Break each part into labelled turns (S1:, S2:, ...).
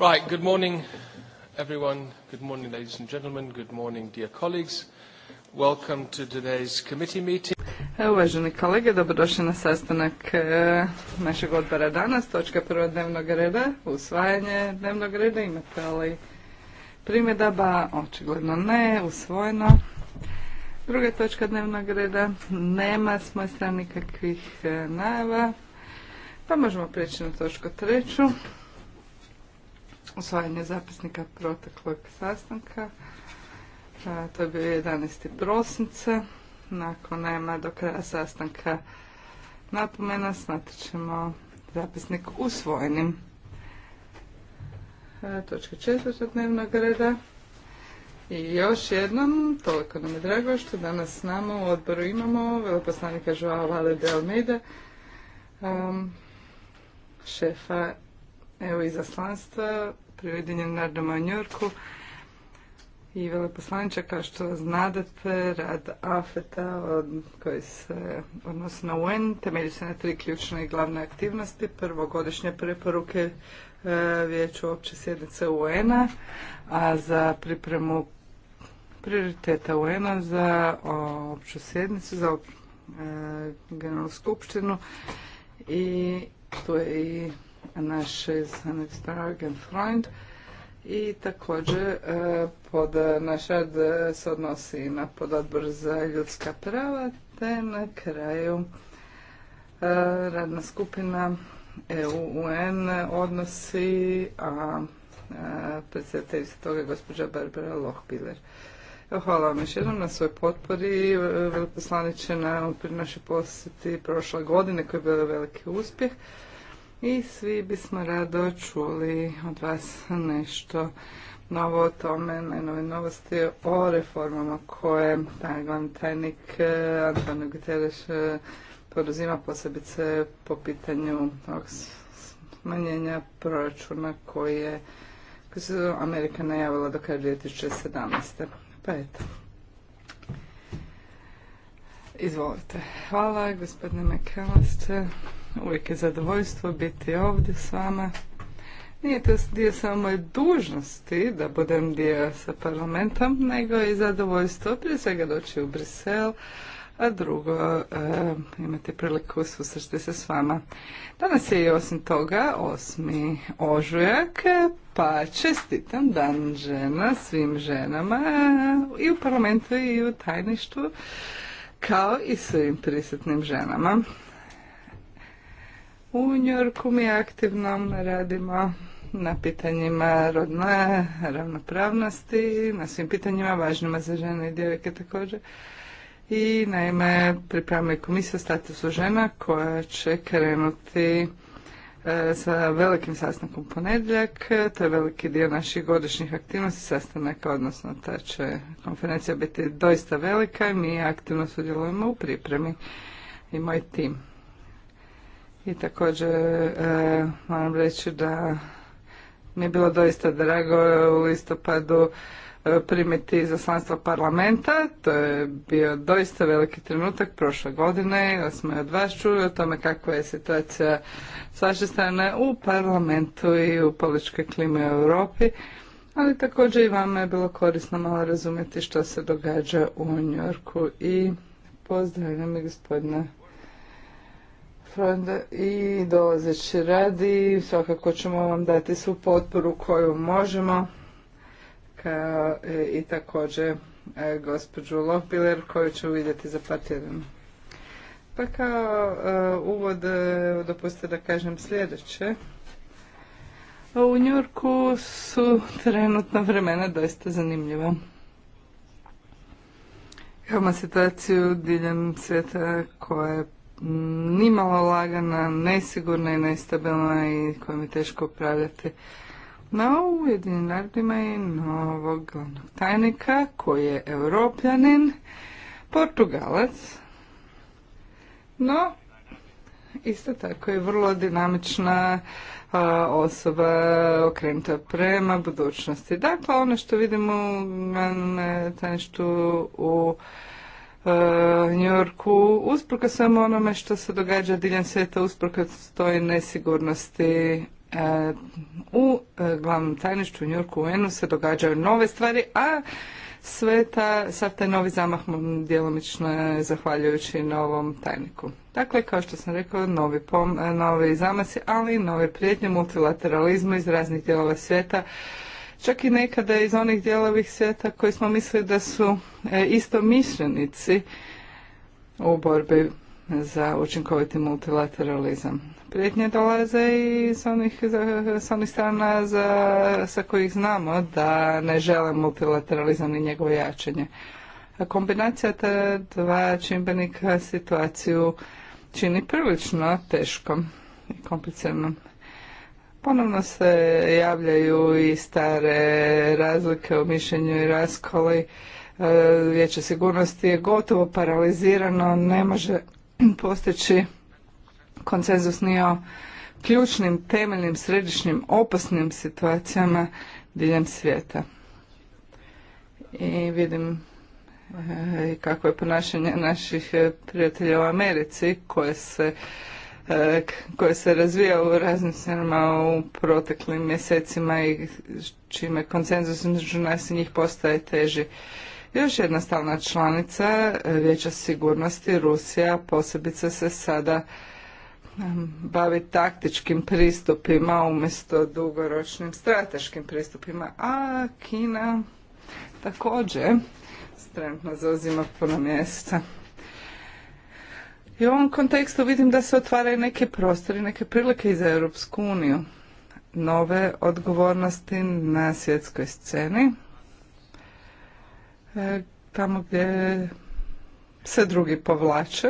S1: Right, good morning, everyone. Good morning, ladies and gentlemen. Good morning, dear colleagues. Welcome to today's committee meeting.
S2: Uvaženi kolege, dobrodošli na sastanak e, našeg odbora danas. Točka prva dnevnog reda, usvajanje dnevnog reda. Imate li primjedaba? Očigledno ne, usvojeno. Druga točka dnevnog reda, nema s moje strane nikakvih e, najava. Pa možemo prijeći na točku treću usvajanje zapisnika proteklog sastanka. to je bio 11. prosince. Nakon nema do kraja sastanka napomena smatrat ćemo zapisnik usvojenim. točka četvrta dnevnog reda. I još jednom, toliko nam je drago što danas s nama u odboru imamo veleposlanika Joao Vale de Almeida, šefa Evo izaslanstva pri Ujedinjenim Narodnom u Njorku i veleposlanča kao što znadete, rad AFETA od, koji se odnosi na UN temelju se na tri ključne i glavne aktivnosti. Prvo, godišnje preporuke e, vijeću opće sjednice UN-a, a za pripremu prioriteta UN-a za opću sjednicu, za e, generalnu skupštinu i tu je i naš Freund i također e, pod naš rad se odnosi na pododbor za ljudska prava te na kraju e, radna skupina EU-UN odnosi, a e, predsjedateljica toga je gospođa Barbara Lohpiler. Hvala vam još jednom na svoj potpori. Veliposlaniče na našoj posjeti prošle godine koji je bio veliki uspjeh i svi bismo rado čuli od vas nešto novo o tome, najnove novosti o reformama koje taj glavni tajnik eh, Antonio Guterres eh, poduzima posebice po pitanju smanjenja proračuna koji je se Amerika najavila do kraja 2017. Pa eto. Izvolite. Hvala gospodine McAllister. Uvijek je zadovoljstvo biti ovdje s vama. Nije to dio samo moje dužnosti da budem dio sa parlamentom, nego i zadovoljstvo prije svega doći u Brisel, a drugo eh, imati priliku susresti se s vama. Danas je i osim toga osmi ožujak, pa čestitam dan žena svim ženama eh, i u parlamentu i u tajništvu kao i svim prisutnim ženama. U Njorku mi aktivno radimo na pitanjima rodne ravnopravnosti, na svim pitanjima važnima za žene i djevojke također. I naime, priprema i komisija statusu žena koja će krenuti e, sa velikim sastankom ponedjeljak. To je veliki dio naših godišnjih aktivnosti sastanaka, odnosno ta će konferencija biti doista velika i mi aktivno sudjelujemo u pripremi i moj tim. I također e, moram reći da mi je bilo doista drago u listopadu e, primiti izaslanstvo parlamenta. To je bio doista veliki trenutak prošle godine da smo od vas čuli o tome kakva je situacija s vaše strane u parlamentu i u političkoj klimi u Europi. Ali također i vama je bilo korisno malo razumjeti što se događa u Njorku i pozdravljam gospodina i dolazeći radi. Svakako ćemo vam dati svu potporu koju možemo kao i također e, gospođu Lopiler koju ću vidjeti za par Pa kao e, uvod e, dopustite da kažem sljedeće. U Njurku su trenutno vremena doista zanimljiva. Imamo situaciju diljem svijeta koja je nimalo lagana, nesigurna i nestabilna i kojom je teško upravljati. No, u jedinim narodima je novog glavnog tajnika koji je europljanin, portugalac, no isto tako je vrlo dinamična osoba okrenuta prema budućnosti. Dakle, ono što vidimo u e, tajništu u E, New Yorku, usprka samo onome što se događa diljem svijeta, usprka toj nesigurnosti e, u e, glavnom tajništvu New Yorku UN-u se događaju nove stvari, a sveta ta, taj novi zamah djelomično je zahvaljujući novom tajniku. Dakle, kao što sam rekao, novi, pom, novi zamasi, ali i nove prijetnje multilateralizmu iz raznih dijelova svijeta čak i nekada iz onih dijelovih svijeta koji smo mislili da su e, isto u borbi za učinkoviti multilateralizam. Prijetnje dolaze i s onih, e, s onih strana sa kojih znamo da ne žele multilateralizam ni njegovo jačanje. kombinacija ta dva čimbenika situaciju čini prilično teškom i kompliciranom. Ponovno se javljaju i stare razlike u mišljenju i raskoli. E, Vijeće sigurnosti je gotovo paralizirano, ne može postići konsenzus ni o ključnim, temeljnim, središnjim, opasnim situacijama diljem svijeta. I vidim e, kako je ponašanje naših prijatelja u Americi koje se E, koje se razvija u raznim scenama u proteklim mjesecima i čime konsenzus među nas i njih postaje teži. Još jedna stalna članica e, Vijeća sigurnosti, Rusija, posebice se sada e, bavi taktičkim pristupima umjesto dugoročnim strateškim pristupima, a Kina također trenutno zauzima puno mjesta. I u ovom kontekstu vidim da se otvaraju neke prostori, neke prilike i za Europsku uniju. Nove odgovornosti na svjetskoj sceni, e, tamo gdje se drugi povlače.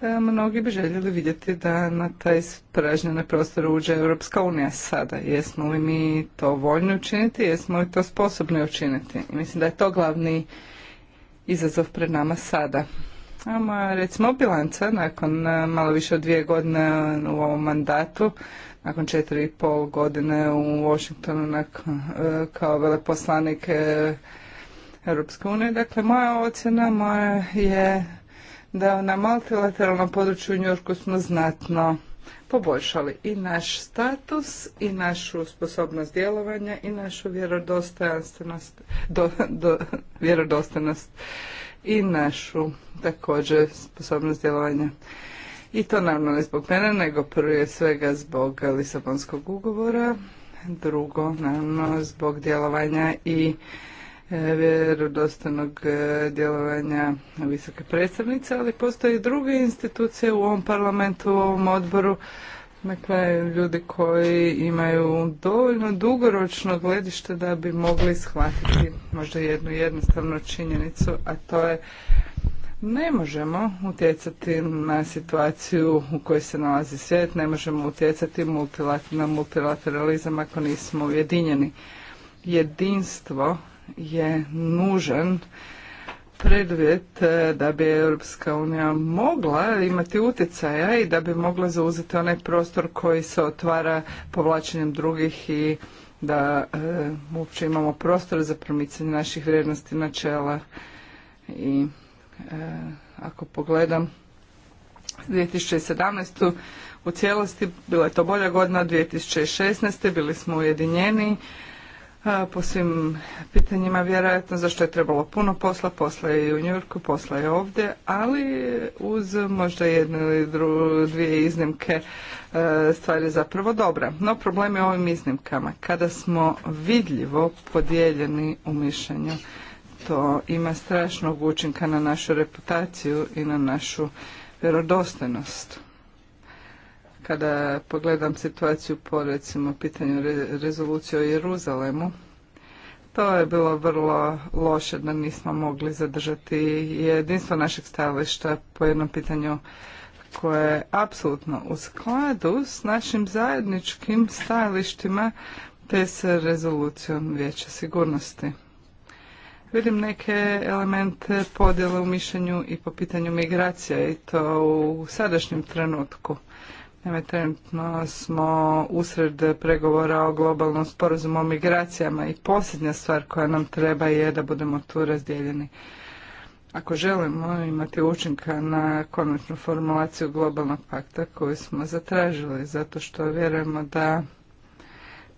S2: E, mnogi bi željeli vidjeti da na taj pražnjene prostor uđe Europska unija sada. Jesmo li mi to voljni učiniti, jesmo li to sposobni učiniti? Mislim da je to glavni izazov pred nama sada. Moja recimo bilanca nakon e, malo više od dvije godine e, u ovom mandatu, nakon četiri i pol godine u Washingtonu nakon, e, kao veleposlanik Europske unije. Dakle, moja ocjena moja je da na multilateralnom području u Njorku smo znatno poboljšali i naš status i našu sposobnost djelovanja i našu vjerodostojnost do, do, vjerodostojnost i našu također sposobnost djelovanja. I to naravno ne zbog mene, nego prije svega zbog Lisabonskog ugovora, drugo naravno zbog djelovanja i e, vjerodostojnog e, djelovanja visoke predstavnice, ali postoje i druge institucije u ovom parlamentu, u ovom odboru Dakle, ljudi koji imaju dovoljno dugoročno gledište da bi mogli shvatiti možda jednu jednostavnu činjenicu, a to je ne možemo utjecati na situaciju u kojoj se nalazi svijet, ne možemo utjecati na multilateralizam ako nismo ujedinjeni. Jedinstvo je nužan preduvjet e, da bi Europska unija mogla imati utjecaja i da bi mogla zauzeti onaj prostor koji se otvara povlačenjem drugih i da e, uopće imamo prostor za promicanje naših vrijednosti načela i e, ako pogledam 2017. u cijelosti bila je to bolja godina, 2016. bili smo ujedinjeni po svim pitanjima vjerojatno zašto je trebalo puno posla, posla je i u Njurku, posla je ovdje, ali uz možda jednu ili dvije iznimke e, stvari zapravo dobra. No problem je ovim iznimkama. Kada smo vidljivo podijeljeni u mišljenju, to ima strašnog učinka na našu reputaciju i na našu vjerodostojnost. Kada pogledam situaciju po recimo pitanju rezolucije o Jeruzalemu, to je bilo vrlo loše da nismo mogli zadržati jedinstvo našeg stajališta po jednom pitanju koje je apsolutno u skladu s našim zajedničkim stajalištima te s rezolucijom Vijeća sigurnosti. Vidim neke elemente podjele u mišljenju i po pitanju migracija i to u sadašnjem trenutku. Naime, trenutno smo usred pregovora o globalnom sporazumu o migracijama i posljednja stvar koja nam treba je da budemo tu razdijeljeni. Ako želimo imati učinka na konačnu formulaciju globalnog pakta koju smo zatražili, zato što vjerujemo da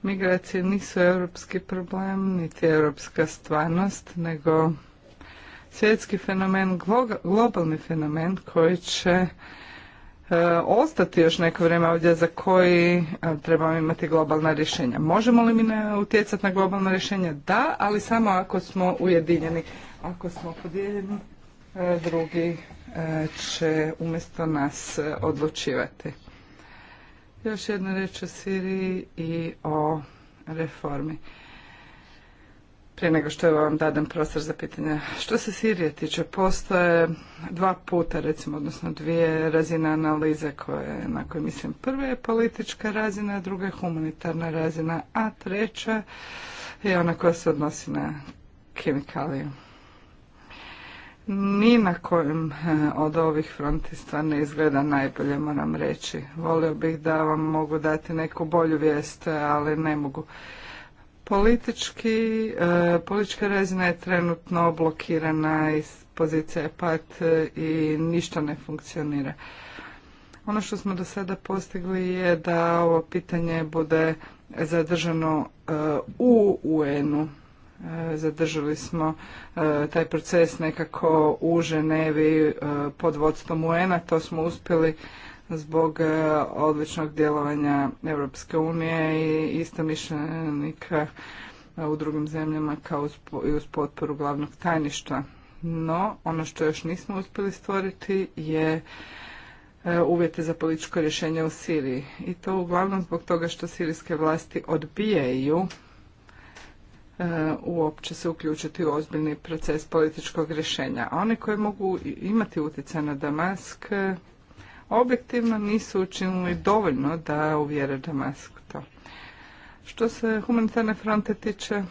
S2: migracije nisu europski problem, niti europska stvarnost, nego svjetski fenomen, globalni fenomen koji će E, ostati još neko vrijeme ovdje za koji e, trebamo imati globalna rješenja. Možemo li mi utjecati na globalna rješenja? Da, ali samo ako smo ujedinjeni. Ako smo podijeljeni, e, drugi će umjesto nas odlučivati. Još jedna reč o Siriji i o reformi prije nego što vam dadem prostor za pitanje. Što se Sirije tiče, postoje dva puta, recimo, odnosno dvije razine analize koje, na koje mislim. Prva je politička razina, druga je humanitarna razina, a treća je ona koja se odnosi na kemikaliju. Ni na kojem eh, od ovih fronti ne izgleda najbolje, moram reći. Volio bih da vam mogu dati neku bolju vijest, eh, ali ne mogu. Politički, e, politička razina je trenutno blokirana iz pozicija pat i ništa ne funkcionira. Ono što smo do sada postigli je da ovo pitanje bude zadržano e, u UN-u. E, zadržali smo taj proces nekako u Ženevi pod vodstvom UN-a, to smo uspjeli zbog e, odličnog djelovanja Europske unije i istomišljenika e, u drugim zemljama kao i uz potporu glavnog tajništva. No, ono što još nismo uspjeli stvoriti je e, uvjete za političko rješenje u Siriji. I to uglavnom zbog toga što sirijske vlasti odbijaju uopće se uključiti u ozbiljni proces političkog rješenja. A oni koji mogu imati utjecaj na Damask objektivno nisu učinili dovoljno da uvjere Damasku to. Što se humanitarne fronte tiče, e,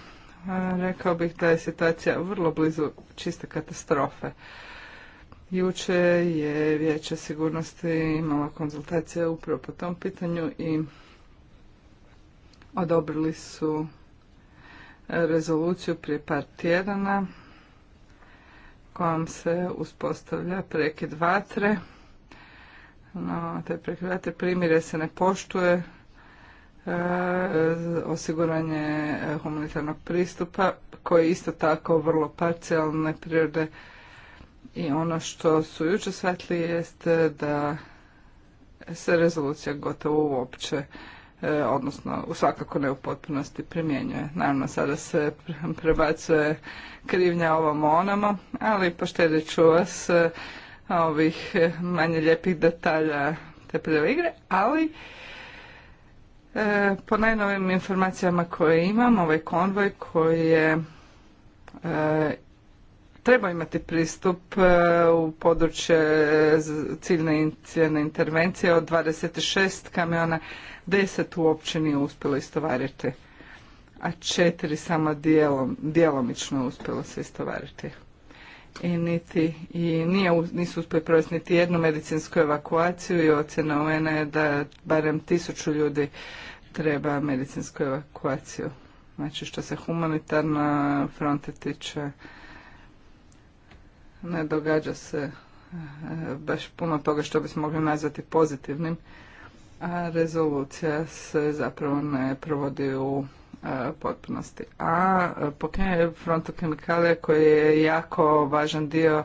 S2: rekao bih da je situacija vrlo blizu čiste katastrofe. Juče je Vijeće sigurnosti imala konzultacije upravo po tom pitanju i odobrili su rezoluciju prije par tjedana kojom se uspostavlja prekid vatre no te prekrivate primjere se ne poštuje, e, osiguranje e, humanitarnog pristupa koji je isto tako vrlo parcijalne prirode i ono što su jučer shvatili jest e, da se rezolucija gotovo uopće odnosno svakako ne u potpunosti primjenjuje. Naravno sada se prebacuje krivnja ovom onamo, ali poštedit ću vas ovih eh, manje lijepih detalja te prve igre, ali eh, po najnovim informacijama koje imam, ovaj konvoj koji je e, eh, treba imati pristup u područje ciljne cijene intervencije od 26 kamiona, 10 uopće nije uspjelo istovariti, a četiri samo dijelom, djelomično uspjelo se istovariti i niti i nije, nisu uspjeli provesti niti jednu medicinsku evakuaciju i ocjena UN je da barem tisuću ljudi treba medicinsku evakuaciju. Znači što se humanitarna fronte tiče ne događa se e, baš puno toga što bismo mogli nazvati pozitivnim, a rezolucija se zapravo ne provodi u potpunosti. A pokrenje frontokemikalija koji je jako važan dio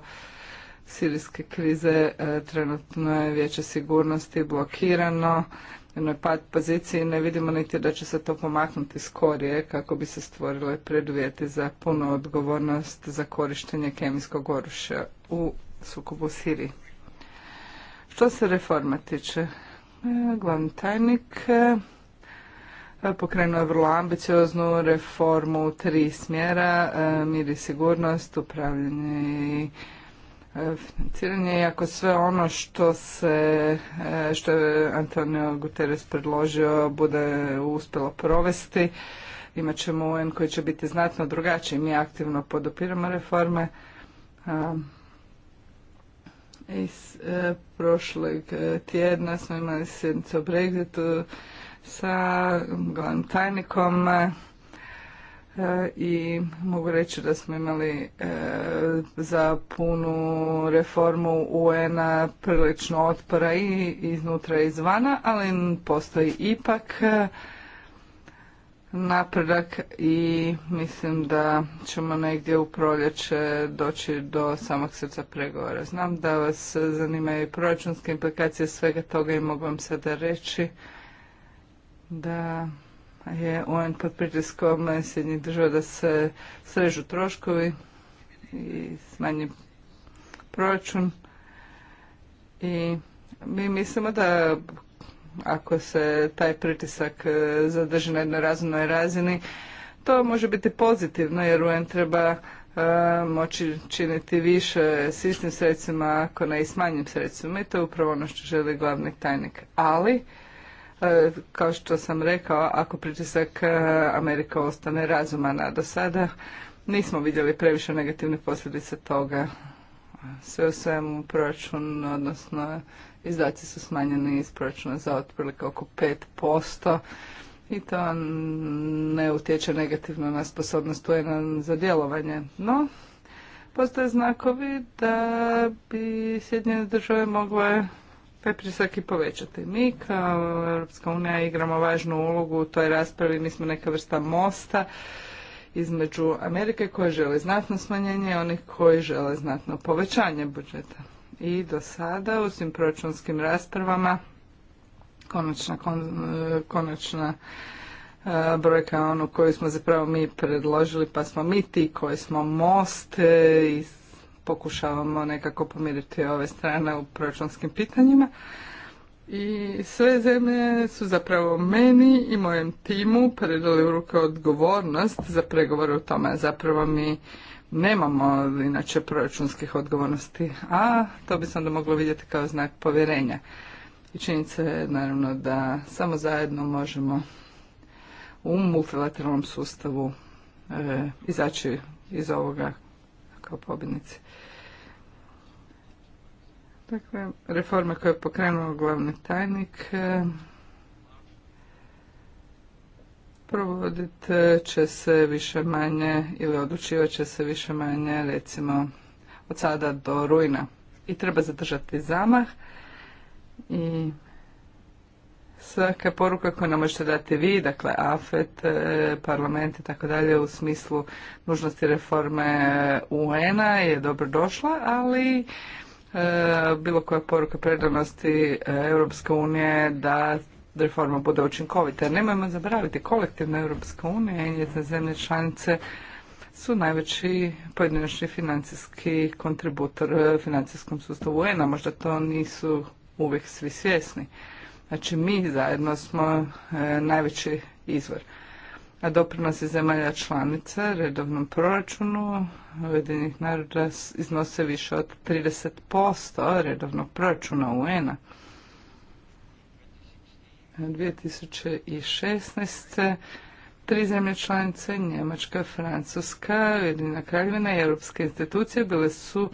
S2: sirijske krize, e, trenutno je vijeće sigurnosti blokirano, jednoj pad poziciji ne vidimo niti da će se to pomaknuti skorije kako bi se stvorile preduvjeti za punu odgovornost za korištenje kemijskog oružja u sukobu Siriji. Što se reforma tiče? E, glavni tajnik Pokrenuo je vrlo ambicioznu reformu u tri smjera, e, mir i sigurnost, upravljanje i e, financiranje, iako sve ono što se, e, što je Antonio Guterres predložio bude uspjelo provesti, imat ćemo UN koji će biti znatno drugačiji. Mi aktivno podopiramo reforme. Iz prošlog tjedna smo imali sjednicu o Brexitu, sa glavnim tajnikom e, i mogu reći da smo imali e, za punu reformu UN-a prilično otpora i iznutra i izvana, ali postoji ipak e, napredak i mislim da ćemo negdje u proljeće doći do samog srca pregovora. Znam da vas zanimaju proračunske implikacije svega toga i mogu vam sada reći da je on pod pritiskom Sjednjih država da se srežu troškovi i smanji proračun. I mi mislimo da ako se taj pritisak e, zadrži na jednoj razumnoj razini, to može biti pozitivno jer UN treba e, moći činiti više s istim sredstvima ako ne i s manjim sredstvima i to je upravo ono što želi glavni tajnik. Ali E, kao što sam rekao, ako pritisak e, Amerika ostane razumana do sada, nismo vidjeli previše negativne posljedice toga. Sve u svemu proračun, odnosno izdaci su smanjeni iz proračuna za otprilike oko 5% i to ne utječe negativno na sposobnost UN za djelovanje. No, postoje znakovi da bi Sjedinjene države mogle taj pritisak povećati. Mi kao Europska unija igramo važnu ulogu u toj raspravi, mi smo neka vrsta mosta između Amerike koje žele znatno smanjenje i onih koji žele znatno povećanje budžeta. I do sada u svim proračunskim raspravama konačna, kon, konačna e, brojka onu koju smo zapravo mi predložili, pa smo mi ti koji smo most e, iz pokušavamo nekako pomiriti ove strane u proračunskim pitanjima. I sve zemlje su zapravo meni i mojem timu predali u ruke odgovornost za pregovore o tome. Zapravo mi nemamo inače proračunskih odgovornosti, a to bi se onda moglo vidjeti kao znak povjerenja. I činjenica je naravno da samo zajedno možemo u multilateralnom sustavu e, izaći iz ovoga kao pobjednici. Dakle, reforme koje je pokrenuo glavni tajnik e, provodit će se više manje ili odlučivat će se više manje recimo od sada do rujna i treba zadržati zamah i svaka poruka koju nam možete dati vi, dakle AFET, e, parlament i tako dalje u smislu nužnosti reforme UN-a je dobro došla, ali e, bilo koja poruka predanosti e, Europske unije da reforma bude učinkovita. Nemojmo zaboraviti, kolektivna Europska unija i njezine zemlje članice su najveći pojedinačni financijski kontributor financijskom sustavu UN-a. Možda to nisu uvijek svi svjesni. Znači mi zajedno smo e, najveći izvor. A doprinosi zemalja članica redovnom proračunu Ujedinih naroda iznose više od 30% redovnog proračuna UN-a. 2016. Tri zemlje članice, Njemačka, Francuska, Ujedinjena kraljevina i Europske institucije bile su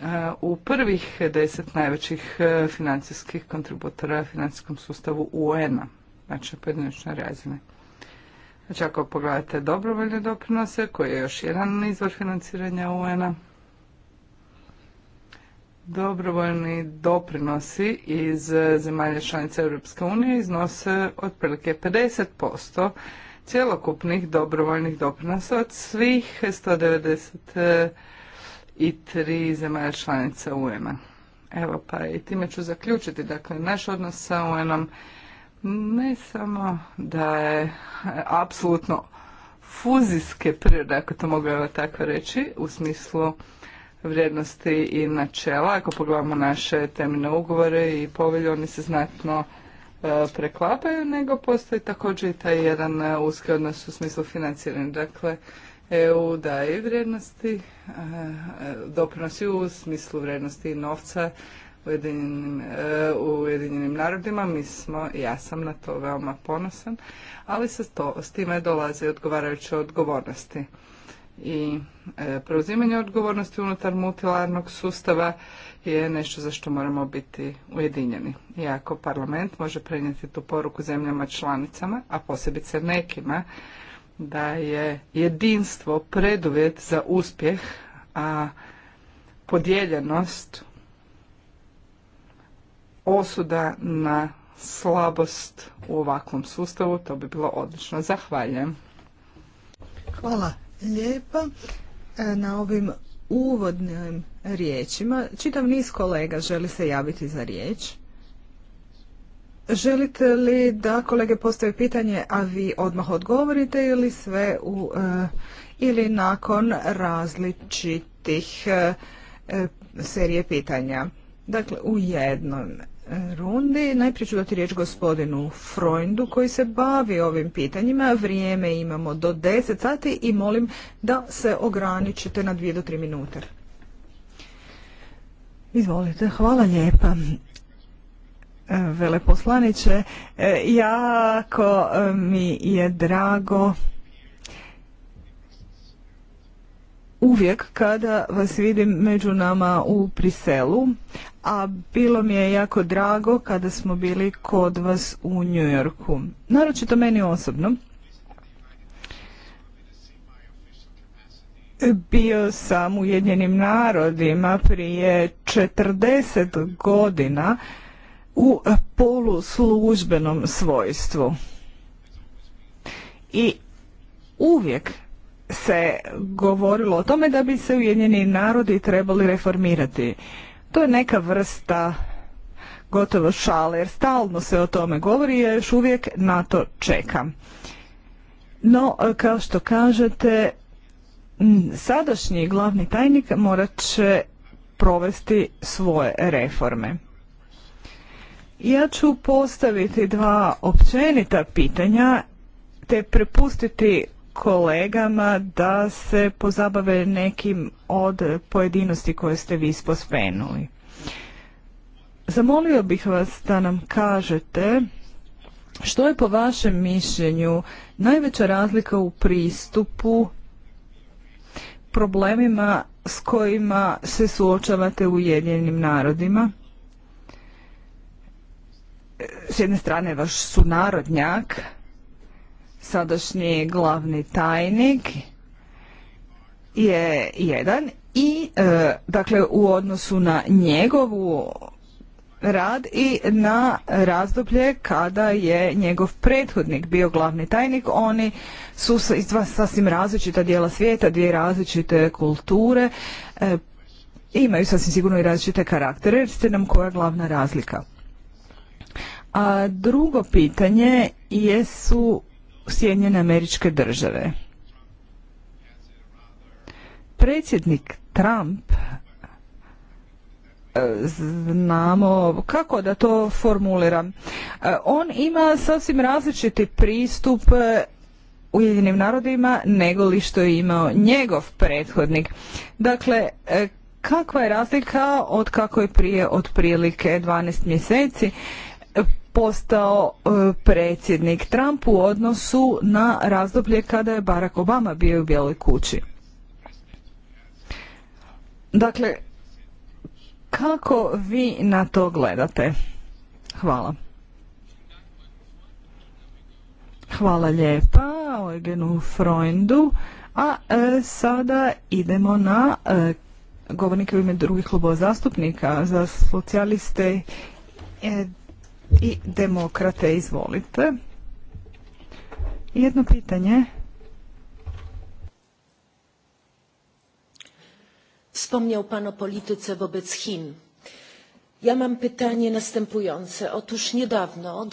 S2: E, u prvih deset najvećih e, financijskih kontributora financijskom sustavu UN-a, znači pojedinačne razine. Znači ako pogledate dobrovoljne doprinose, koji je još jedan izvor financiranja UN-a, dobrovoljni doprinosi iz zemalja članica Europske unije iznose otprilike 50% cjelokupnih dobrovoljnih doprinosa od svih 190 i tri zemalja članica UN-a. Evo pa i time ću zaključiti. Dakle, naš odnos sa UN-om ne samo da je apsolutno fuzijske prirode, ako to mogu evo tako reći, u smislu vrijednosti i načela. Ako pogledamo naše temeljne ugovore i povelje, oni se znatno e, preklapaju, nego postoji također i taj jedan e, uski odnos u smislu financiranja. Dakle, EU daje vrijednosti, e, e, doprinosi u smislu vrijednosti i novca e, u Ujedinjenim, narodima. Mi smo, ja sam na to veoma ponosan, ali sa to, s time dolaze odgovarajuće odgovornosti. I preuzimanje odgovornosti unutar multilarnog sustava je nešto za što moramo biti ujedinjeni. Iako parlament može prenijeti tu poruku zemljama članicama, a posebice nekima, da je jedinstvo preduvjet za uspjeh, a podijeljenost osuda na slabost u ovakvom sustavu, to bi bilo odlično. Zahvaljujem.
S1: Hvala lijepa e, na ovim uvodnim riječima. Čitav niz kolega želi se javiti za riječ. Želite li da kolege postave pitanje, a vi odmah odgovorite ili sve u, eh, ili nakon različitih eh, serije pitanja? Dakle, u jednom eh, rundi. Najprije ću dati riječ gospodinu Freundu koji se bavi ovim pitanjima. Vrijeme imamo do 10 sati i molim da se ograničite na 2 do 3 minute. Izvolite, hvala lijepa. E, veleposlaniče. E, jako e, mi je drago uvijek kada vas vidim među nama u Priselu, a bilo mi je jako drago kada smo bili kod vas u Njujorku. Naročito meni osobno. Bio sam u narodima prije 40 godina u poluslužbenom svojstvu. I uvijek se govorilo o tome da bi se Ujedinjeni narodi trebali reformirati. To je neka vrsta gotovo šale, jer stalno se o tome govori i još uvijek na to No, kao što kažete, sadašnji glavni tajnik morat će provesti svoje reforme. Ja ću postaviti dva općenita pitanja te prepustiti kolegama da se pozabave nekim od pojedinosti koje ste vi spospenuli. Zamolio bih vas da nam kažete što je po vašem mišljenju najveća razlika u pristupu problemima s kojima se suočavate u narodima s jedne strane vaš sunarodnjak, sadašnji glavni tajnik je jedan i e, dakle u odnosu na njegovu rad i na razdoblje kada je njegov prethodnik bio glavni tajnik. Oni su iz dva sasvim različita dijela svijeta, dvije različite kulture, e, imaju sasvim sigurno i različite karaktere. Recite nam koja je glavna razlika? A drugo pitanje jesu Sjedinjene američke države. Predsjednik Trump e, znamo kako da to formuliram. E, on ima sasvim različiti pristup e, Ujedinim narodima nego li što je imao njegov prethodnik. Dakle, kakva je razlika od kako je prije otprilike 12 mjeseci postao e, predsjednik Trump u odnosu na razdoblje kada je Barack Obama bio u Bijeloj kući. Dakle, kako vi na to gledate? Hvala. Hvala lijepa Eugenu Freundu. A e, sada idemo na e, govornike u ime drugih klubova zastupnika za socijaliste e, i demokrate. Izvolite. Jedno pitanje. Wspomniał Pan o polityce wobec Chin. Ja mam pytanie następujące. Otóż niedawno...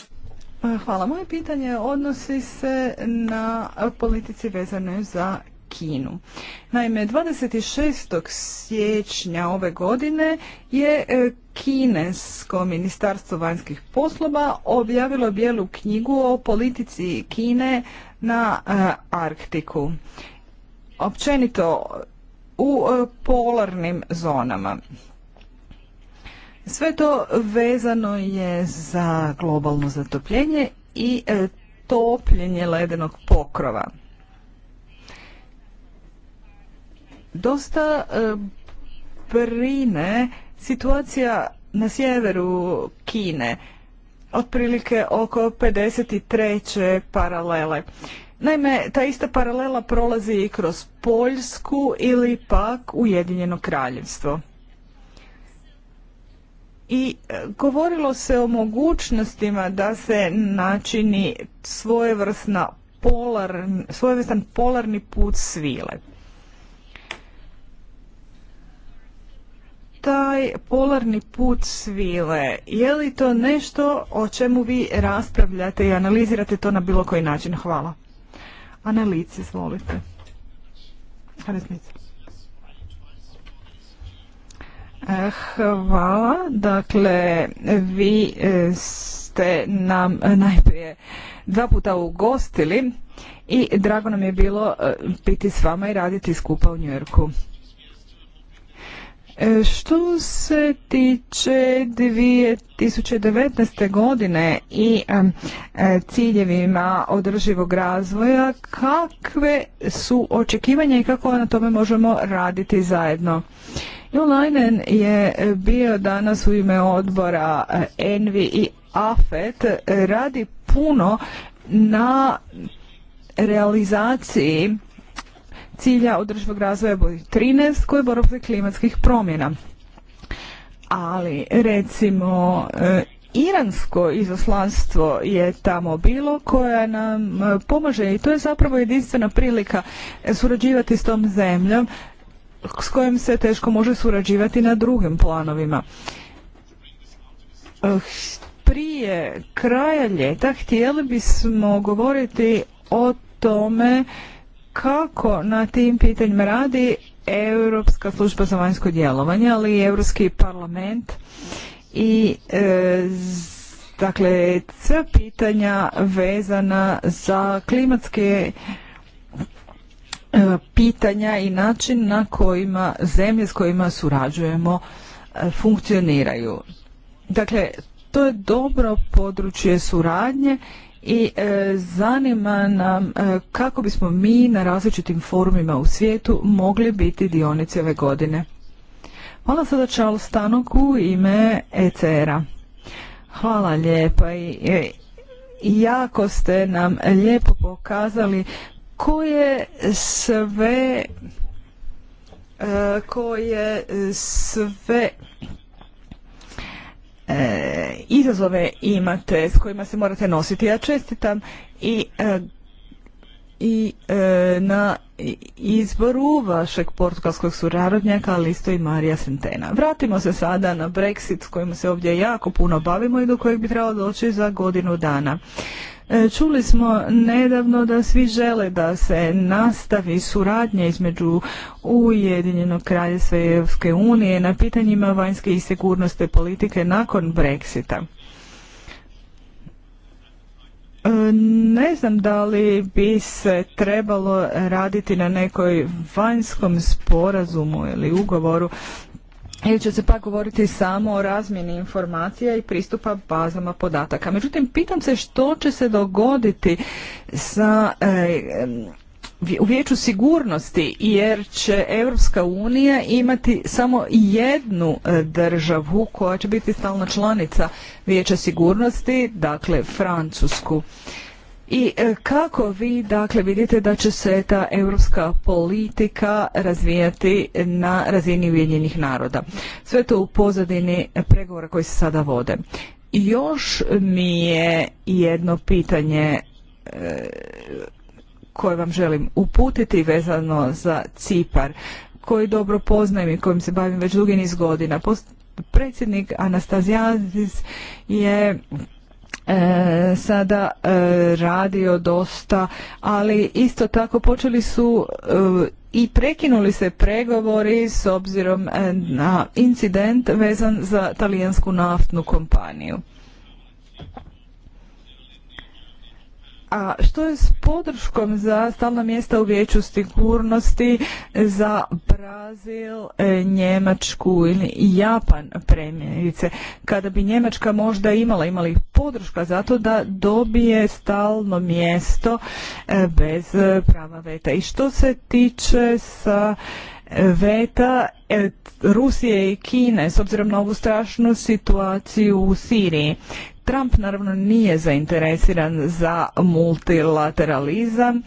S1: Hvala. Moje pitanje odnosi se na politici vezane za Kinu. Naime, 26. siječnja ove godine je e, Kinesko ministarstvo vanjskih poslova objavilo bijelu knjigu o politici Kine na e, Arktiku. Općenito u e, polarnim zonama. Sve to vezano je za globalno zatopljenje i topljenje ledenog pokrova. dosta e, brine situacija na sjeveru Kine, otprilike oko 53. paralele. Naime, ta ista paralela prolazi i kroz Poljsku ili pak Ujedinjeno kraljevstvo. I e, govorilo se o mogućnostima da se načini svojevrsna svojevrstan polarni put svile. taj polarni put svile, je li to nešto o čemu vi raspravljate i analizirate to na bilo koji način? Hvala. Analici, izvolite. Eh, hvala. Dakle, vi eh, ste nam eh, najprije dva puta ugostili i drago nam je bilo biti s vama i raditi skupa u Njujorku. E, što se tiče 2019. godine i e, ciljevima održivog razvoja, kakve su očekivanja i kako na tome možemo raditi zajedno? Linen je bio danas u ime odbora e, Envi i AFET, radi puno na realizaciji cilja održivog razvoja broj 13 koji je klimatskih promjena. Ali recimo e, Iransko izoslanstvo je tamo bilo koja nam e, pomaže i to je zapravo jedinstvena prilika surađivati s tom zemljom s kojom se teško može surađivati na drugim planovima. E, prije kraja ljeta htjeli bismo govoriti o tome kako na tim pitanjima radi Europska služba za vanjsko djelovanje, ali i Europski parlament i e, dakle sve pitanja vezana za klimatske e, pitanja i način na kojima zemlje s kojima surađujemo e, funkcioniraju. Dakle, to je dobro područje suradnje i e, zanima nam e, kako bismo mi na različitim forumima u svijetu mogli biti dionici ove godine. Hvala sada Charles u ime ECR-a. Hvala lijepa i, e, jako ste nam lijepo pokazali koje sve koje sve E, izazove imate s kojima se morate nositi. Ja čestitam i e, i e, na izboru vašeg portugalskog surarodnjaka, ali isto i Marija Sentena. Vratimo se sada na Brexit s kojim se ovdje jako puno bavimo i do kojeg bi trebalo doći za godinu dana. E, čuli smo nedavno da svi žele da se nastavi suradnja između Ujedinjenog kraljevstva i Europske unije na pitanjima vanjske i sigurnosne politike nakon Brexita. E, ne znam da li bi se trebalo raditi na nekoj vanjskom sporazumu ili ugovoru ili će se pak govoriti samo o razmjeni informacija i pristupa bazama podataka. Međutim, pitam se što će se dogoditi sa e, u vijeću sigurnosti jer će Europska unija imati samo jednu e, državu koja će biti stalna članica vijeća sigurnosti, dakle Francusku i e, kako vi dakle vidite da će se ta europska politika razvijati na razini Ujedinjenih naroda. Sve to u pozadini pregovora koji se sada vode. Još mi je jedno pitanje e, koje vam želim uputiti vezano za Cipar koji dobro poznajem i kojim se bavim već dugi niz godina. Predsjednik Anastazijazis je E, sada e, radio dosta, ali isto tako počeli su e, i prekinuli se pregovori s obzirom e, na incident vezan za talijansku naftnu kompaniju. A što je s podrškom za stalna mjesta u vijeću sigurnosti za Brazil, e, Njemačku ili Japan primjerice? Kada bi Njemačka možda imala, imali podrška zato da dobije stalno mjesto e, bez e, prava veta. I što se tiče sa veta Rusije i Kine s obzirom na ovu strašnu situaciju u Siriji. Trump naravno nije zainteresiran za multilateralizam,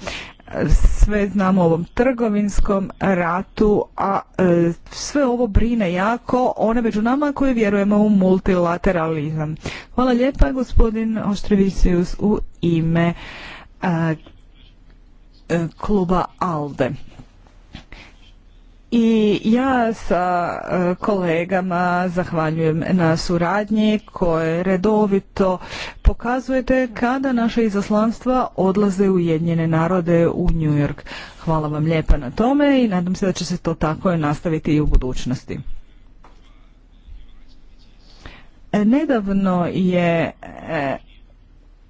S1: sve znamo o ovom trgovinskom ratu, a e, sve ovo brine jako one među nama koji vjerujemo u multilateralizam. Hvala lijepa gospodin Oštrevicius u ime e, e, kluba ALDE i ja sa e, kolegama zahvaljujem na suradnji koje redovito pokazujete kada naše izaslanstva odlaze u Ujedinjene narode u New York. Hvala vam lijepa na tome i nadam se da će se to tako nastaviti i u budućnosti. E, nedavno je e,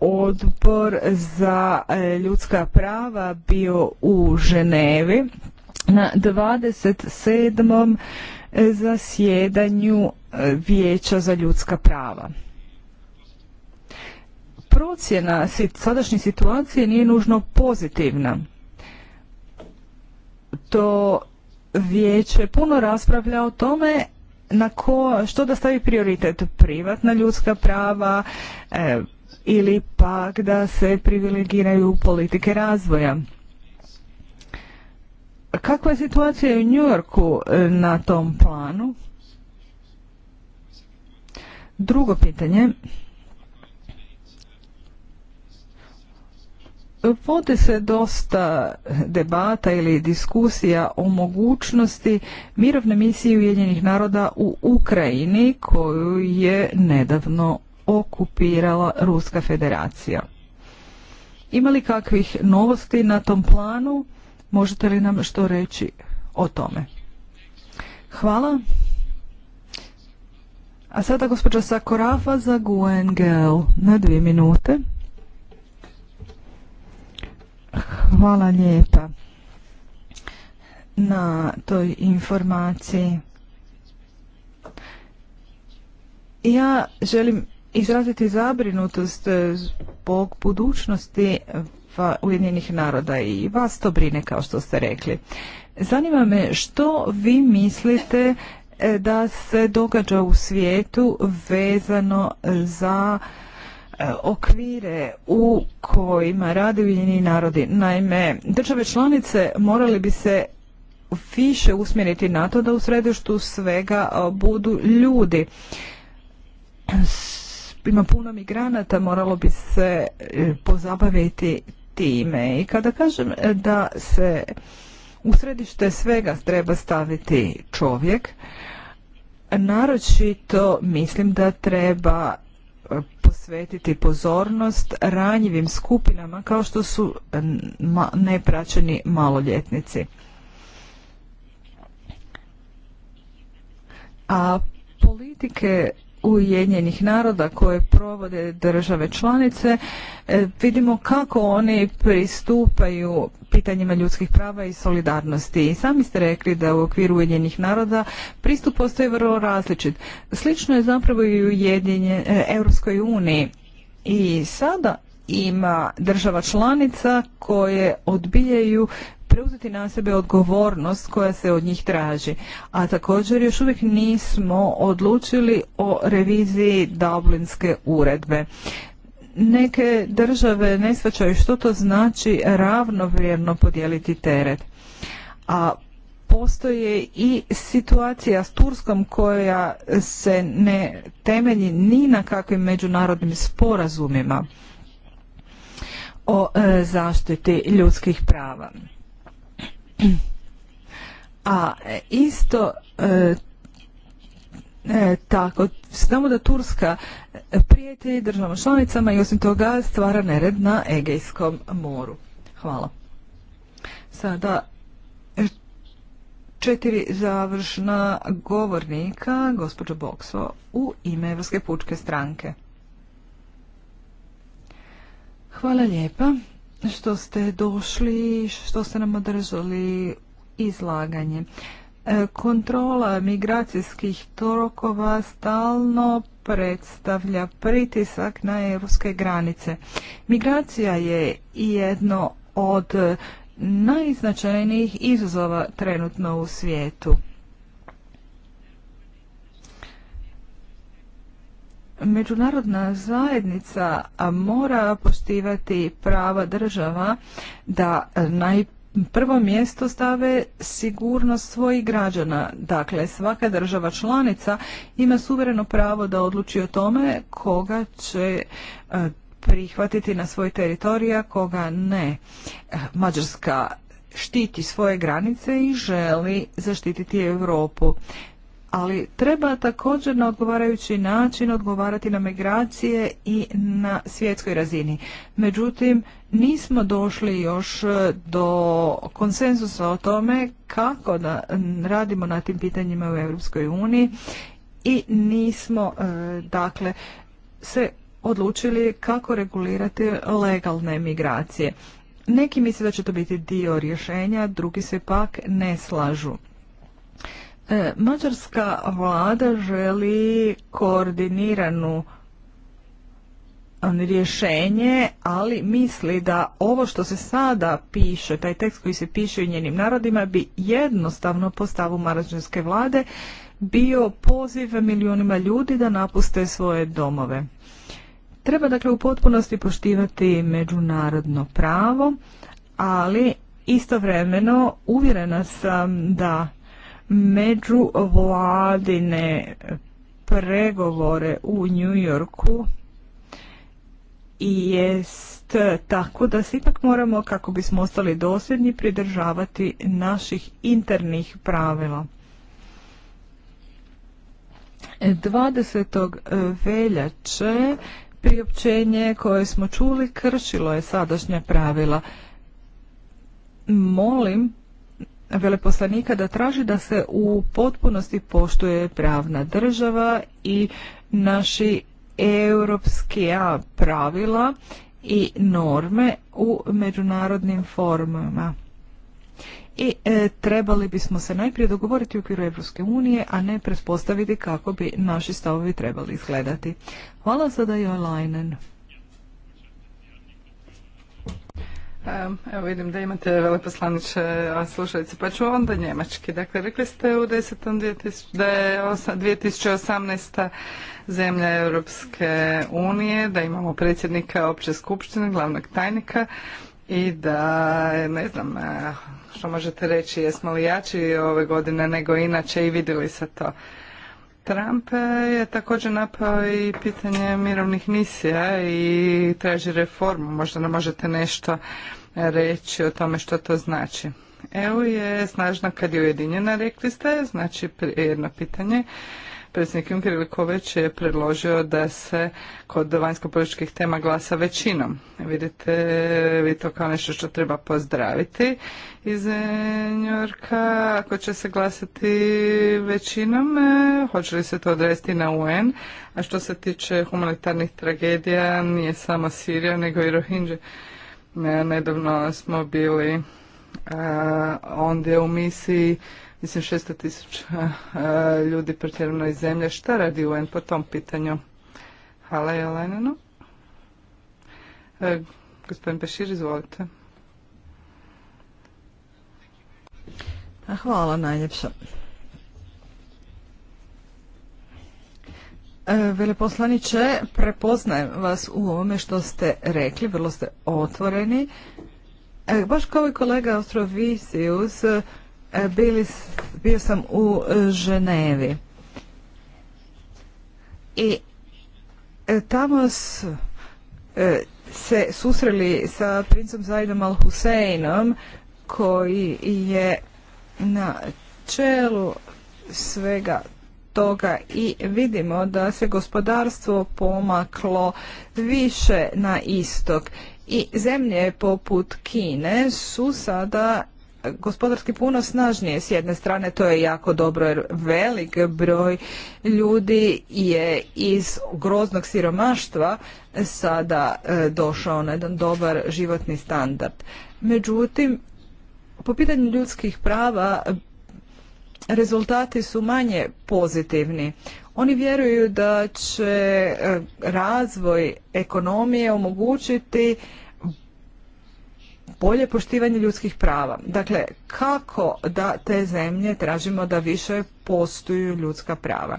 S1: odbor za ljudska prava bio u Ženevi na 27. E, zasjedanju e, Vijeća za ljudska prava. Procjena sadašnje situacije nije nužno pozitivna. To vijeće puno raspravlja o tome na ko, što da stavi prioritet privatna ljudska prava e, ili pak da se privilegiraju politike razvoja. Kakva je situacija u Yorku e, na tom planu? Drugo pitanje. Vode se dosta debata ili diskusija o mogućnosti mirovne misije Ujedinjenih naroda u Ukrajini koju je nedavno okupirala Ruska federacija. Ima li kakvih novosti na tom planu? Možete li nam što reći o tome? Hvala. A sada gospođa Sakorafa za GUNGL na dvije minute. Hvala lijepa na toj informaciji. Ja želim izraziti zabrinutost zbog budućnosti Ujedinjenih naroda i vas to brine kao što ste rekli. Zanima me što vi mislite e, da se događa u svijetu vezano za e, okvire u kojima rade Ujedinjeni narodi. Naime, države članice morali bi se više usmjeriti na to da u središtu svega budu ljudi. Ima puno migranata, moralo bi se e, pozabaviti time. I kada kažem e, da se u središte svega treba staviti čovjek, naročito mislim da treba e, posvetiti pozornost ranjivim skupinama kao što su e, nepraćeni maloljetnici. A politike Ujedinjenih naroda koje provode države članice, e, vidimo kako oni pristupaju pitanjima ljudskih prava i solidarnosti. I sami ste rekli da u okviru Ujedinjenih naroda pristup postoji vrlo različit. Slično je zapravo i u EU. E, Europskoj uniji. I sada ima država članica koje odbijaju preuzeti na sebe odgovornost koja se od njih traži. A također još uvijek nismo odlučili o reviziji Dublinske uredbe. Neke države ne svačaju što to znači ravnovjerno podijeliti teret. A postoje i situacija s Turskom koja se ne temelji ni na kakvim međunarodnim sporazumima o e, zaštiti ljudskih prava. A e, isto e, e, tako, znamo da Turska prijeti državama članicama i osim toga stvara nered na Egejskom moru. Hvala. Sada četiri završna govornika, gospođo Bokso, u ime Evropske pučke stranke. Hvala lijepa što ste došli, što ste nam održali izlaganje. E, kontrola migracijskih torokova stalno predstavlja pritisak na europske granice. Migracija je jedno od najznačajnijih izazova trenutno u svijetu. Međunarodna zajednica mora poštivati prava država da e, naj prvo mjesto stave sigurnost svojih građana. Dakle, svaka država članica ima suvereno pravo da odluči o tome koga će e, prihvatiti na svoj teritorij, a koga ne. E, Mađarska štiti svoje granice i želi zaštititi Europu ali treba također na odgovarajući način odgovarati na migracije i na svjetskoj razini. Međutim, nismo došli još e, do konsenzusa o tome kako da radimo na tim pitanjima u Europskoj uniji i nismo e, dakle se odlučili kako regulirati legalne migracije. Neki misle da će to biti dio rješenja, drugi se pak ne slažu. E, mađarska vlada želi koordiniranu um, rješenje, ali misli da ovo što se sada piše, taj tekst koji se piše u njenim narodima bi jednostavno po stavu mađarske vlade bio poziv milijunima ljudi da napuste svoje domove. Treba dakle u potpunosti poštivati međunarodno pravo, ali istovremeno uvjerena sam da međuvladine pregovore u New Yorku i jest tako da se ipak moramo kako bismo ostali dosljedni pridržavati naših internih pravila. 20. veljače priopćenje koje smo čuli kršilo je sadašnja pravila. Molim veleposlanika da traži da se u potpunosti poštuje pravna država i naši europske pravila i norme u međunarodnim formama. I e, trebali bismo se najprije dogovoriti u okviru Evropske unije, a ne pretpostaviti kako bi naši stavovi trebali izgledati. Hvala sada online. Evo
S2: vidim da imate veleposlaniče slušalice, pa ću onda njemački. Dakle, rekli ste u 10. da je 2018. zemlja Europske unije, da imamo predsjednika opće skupštine, glavnog tajnika i da, ne znam, što možete reći, jesmo li jači ove godine nego inače i vidjeli se to. Trump je također napao i pitanje mirovnih misija i traži reformu. Možda nam možete nešto reći o tome što to znači. EU je snažna kad je ujedinjena, rekli ste, znači jedno pitanje predsjednik Juncker ili već je predložio da se kod vanjsko-političkih tema glasa većinom. Vidite vi to kao nešto što treba pozdraviti iz Njorka. Ako će se glasati većinom, e, hoće li se to odresti na UN? A što se tiče humanitarnih tragedija, nije samo Sirija, nego i Rohingya. E, nedavno smo bili e, ondje u misiji mislim 600 tisuća e, ljudi pretjerano iz zemlje. Šta radi UN po tom pitanju? Hvala Jeleninu. E, gospodin Pešir, izvolite.
S1: Hvala najljepša. E, veleposlaniče, prepoznajem vas u ovome što ste rekli, vrlo ste otvoreni. Baš kao i kolega Ostrovisius, E, bili, bio sam u e, Ženevi i e, tamo se susreli sa princom Zajdom al husseinom koji je na čelu svega toga i vidimo da se gospodarstvo pomaklo više na istok i zemlje poput Kine su sada gospodarski puno snažnije. S jedne strane to je jako dobro jer velik broj ljudi je iz groznog siromaštva sada e, došao na jedan dobar životni standard. Međutim, po pitanju ljudskih prava rezultati su manje pozitivni. Oni vjeruju da će e, razvoj ekonomije omogućiti bolje poštivanje ljudskih prava. Dakle, kako da te zemlje tražimo da više postuju ljudska prava?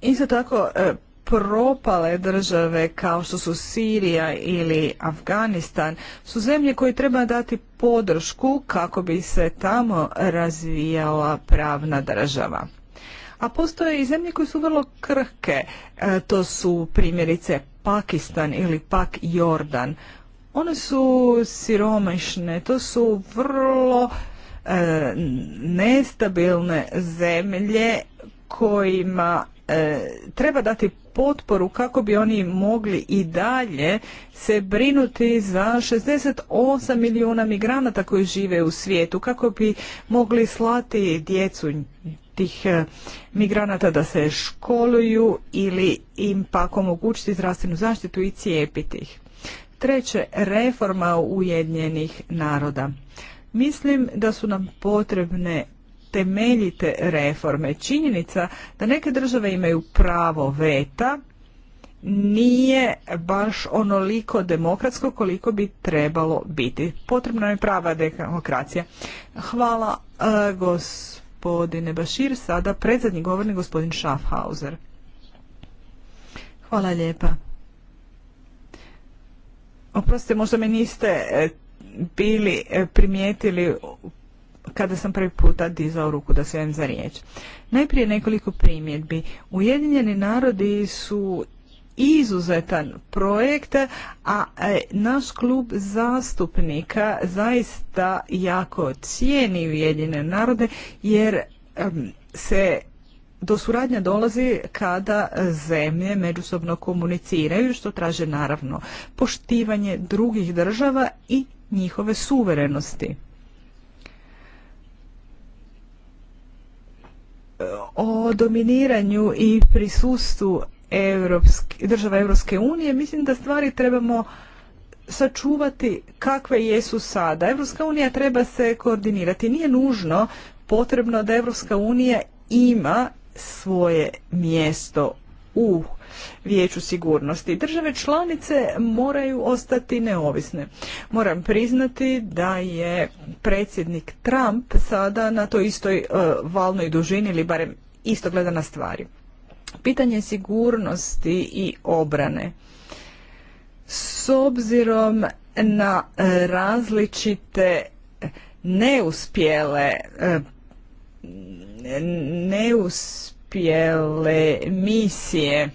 S1: Isto tako, e, propale države kao što su Sirija ili Afganistan su zemlje koje treba dati podršku kako bi se tamo razvijala pravna država. A postoje i zemlje koje su vrlo krhke, e, to su primjerice Pakistan ili Pak Jordan. One su siromašne, to su vrlo e, nestabilne zemlje kojima e, treba dati potporu kako bi oni mogli i dalje se brinuti za 68 milijuna migranata koji žive u svijetu, kako bi mogli slati djecu tih e, migranata da se školuju ili im pak omogućiti zdravstvenu zaštitu i cijepiti ih. Treće, reforma ujednjenih naroda. Mislim da su nam potrebne temeljite reforme. Činjenica da neke države imaju pravo veta nije baš onoliko demokratsko koliko bi trebalo biti. Potrebna je prava demokracija. Hvala e, gospodine Bašir. Sada predzadnji govornik gospodin Schaffhauser. Hvala lijepa. Oprostite, možda me niste e, bili e, primijetili kada sam prvi puta dizao ruku da se za riječ. Najprije nekoliko primjedbi. Ujedinjeni narodi su izuzetan projekt, a e, naš klub zastupnika zaista jako cijeni Ujedinjene narode jer se do suradnja dolazi kada zemlje međusobno komuniciraju, što traže naravno poštivanje drugih država i njihove suverenosti. O dominiranju i prisustvu Evropske, država Evropske unije mislim da stvari trebamo sačuvati kakve jesu sada. Evropska unija treba se koordinirati. Nije nužno potrebno da Evropska unija ima svoje mjesto u Vijeću sigurnosti. Države članice moraju ostati neovisne. Moram priznati da je predsjednik Trump sada na toj istoj e, valnoj dužini ili barem isto gleda na stvari. Pitanje sigurnosti i obrane. S obzirom na različite neuspjele e, neuspjele misije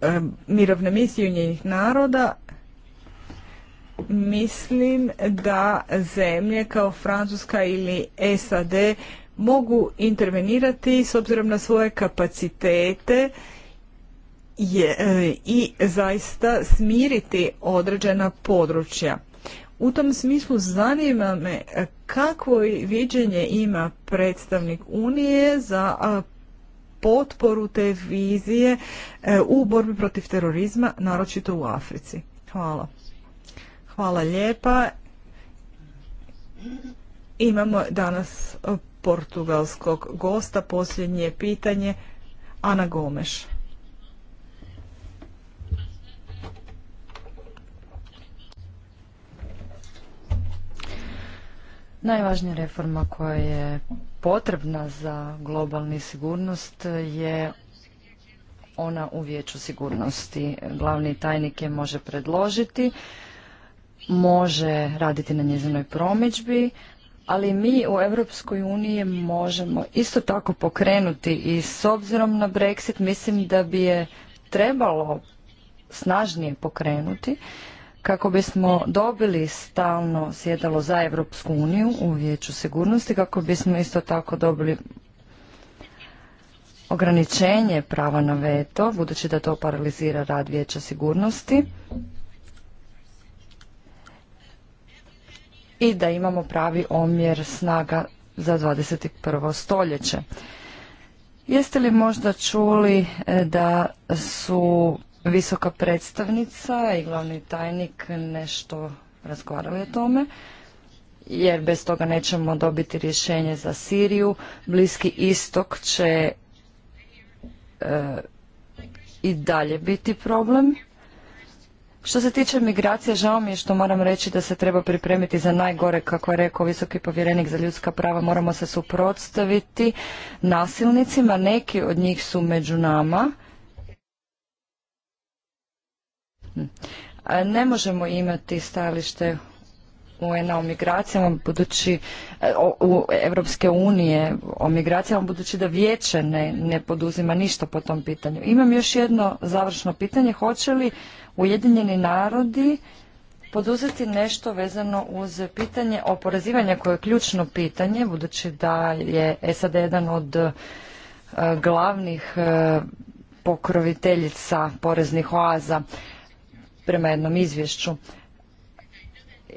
S1: e, mirovne misije njenih naroda mislim da zemlje kao Francuska ili SAD mogu intervenirati s obzirom na svoje kapacitete e, i zaista smiriti određena područja. U tom smislu zanima me e, kako viđenje ima predstavnik Unije za potporu te vizije e, u borbi protiv terorizma, naročito u Africi. Hvala. Hvala lijepa. Imamo danas e, portugalskog gosta. Posljednje pitanje. Ana Gomeš.
S3: Najvažnija reforma koja je potrebna za globalni sigurnost je ona u vijeću sigurnosti. Glavni tajnik je može predložiti, može raditi na njezinoj promičbi, ali mi u Europskoj uniji možemo isto tako pokrenuti i s obzirom na Brexit mislim da bi je trebalo snažnije pokrenuti kako bismo dobili stalno sjedalo za Europsku uniju u vijeću sigurnosti, kako bismo isto tako dobili ograničenje prava na veto, budući da to paralizira rad vijeća sigurnosti i da imamo pravi omjer snaga za 21. stoljeće. Jeste li možda čuli e, da su visoka predstavnica i glavni tajnik nešto razgovarali o tome jer bez toga nećemo dobiti rješenje za Siriju. Bliski istok će e, i dalje biti problem. Što se tiče migracije, žao mi je što moram reći da se treba pripremiti za najgore, kako je rekao visoki povjerenik za ljudska prava, moramo se suprotstaviti nasilnicima, neki od njih su među nama Ne možemo imati stajalište UN-a o migracijama budući e, u Europske unije o migracijama budući da vijeće ne, poduzima ništa po tom pitanju. Imam još jedno završno pitanje. Hoće li Ujedinjeni narodi poduzeti nešto vezano uz pitanje oporezivanja koje je ključno pitanje budući da je SAD jedan od e, glavnih e, pokroviteljica poreznih oaza prema jednom izvješću.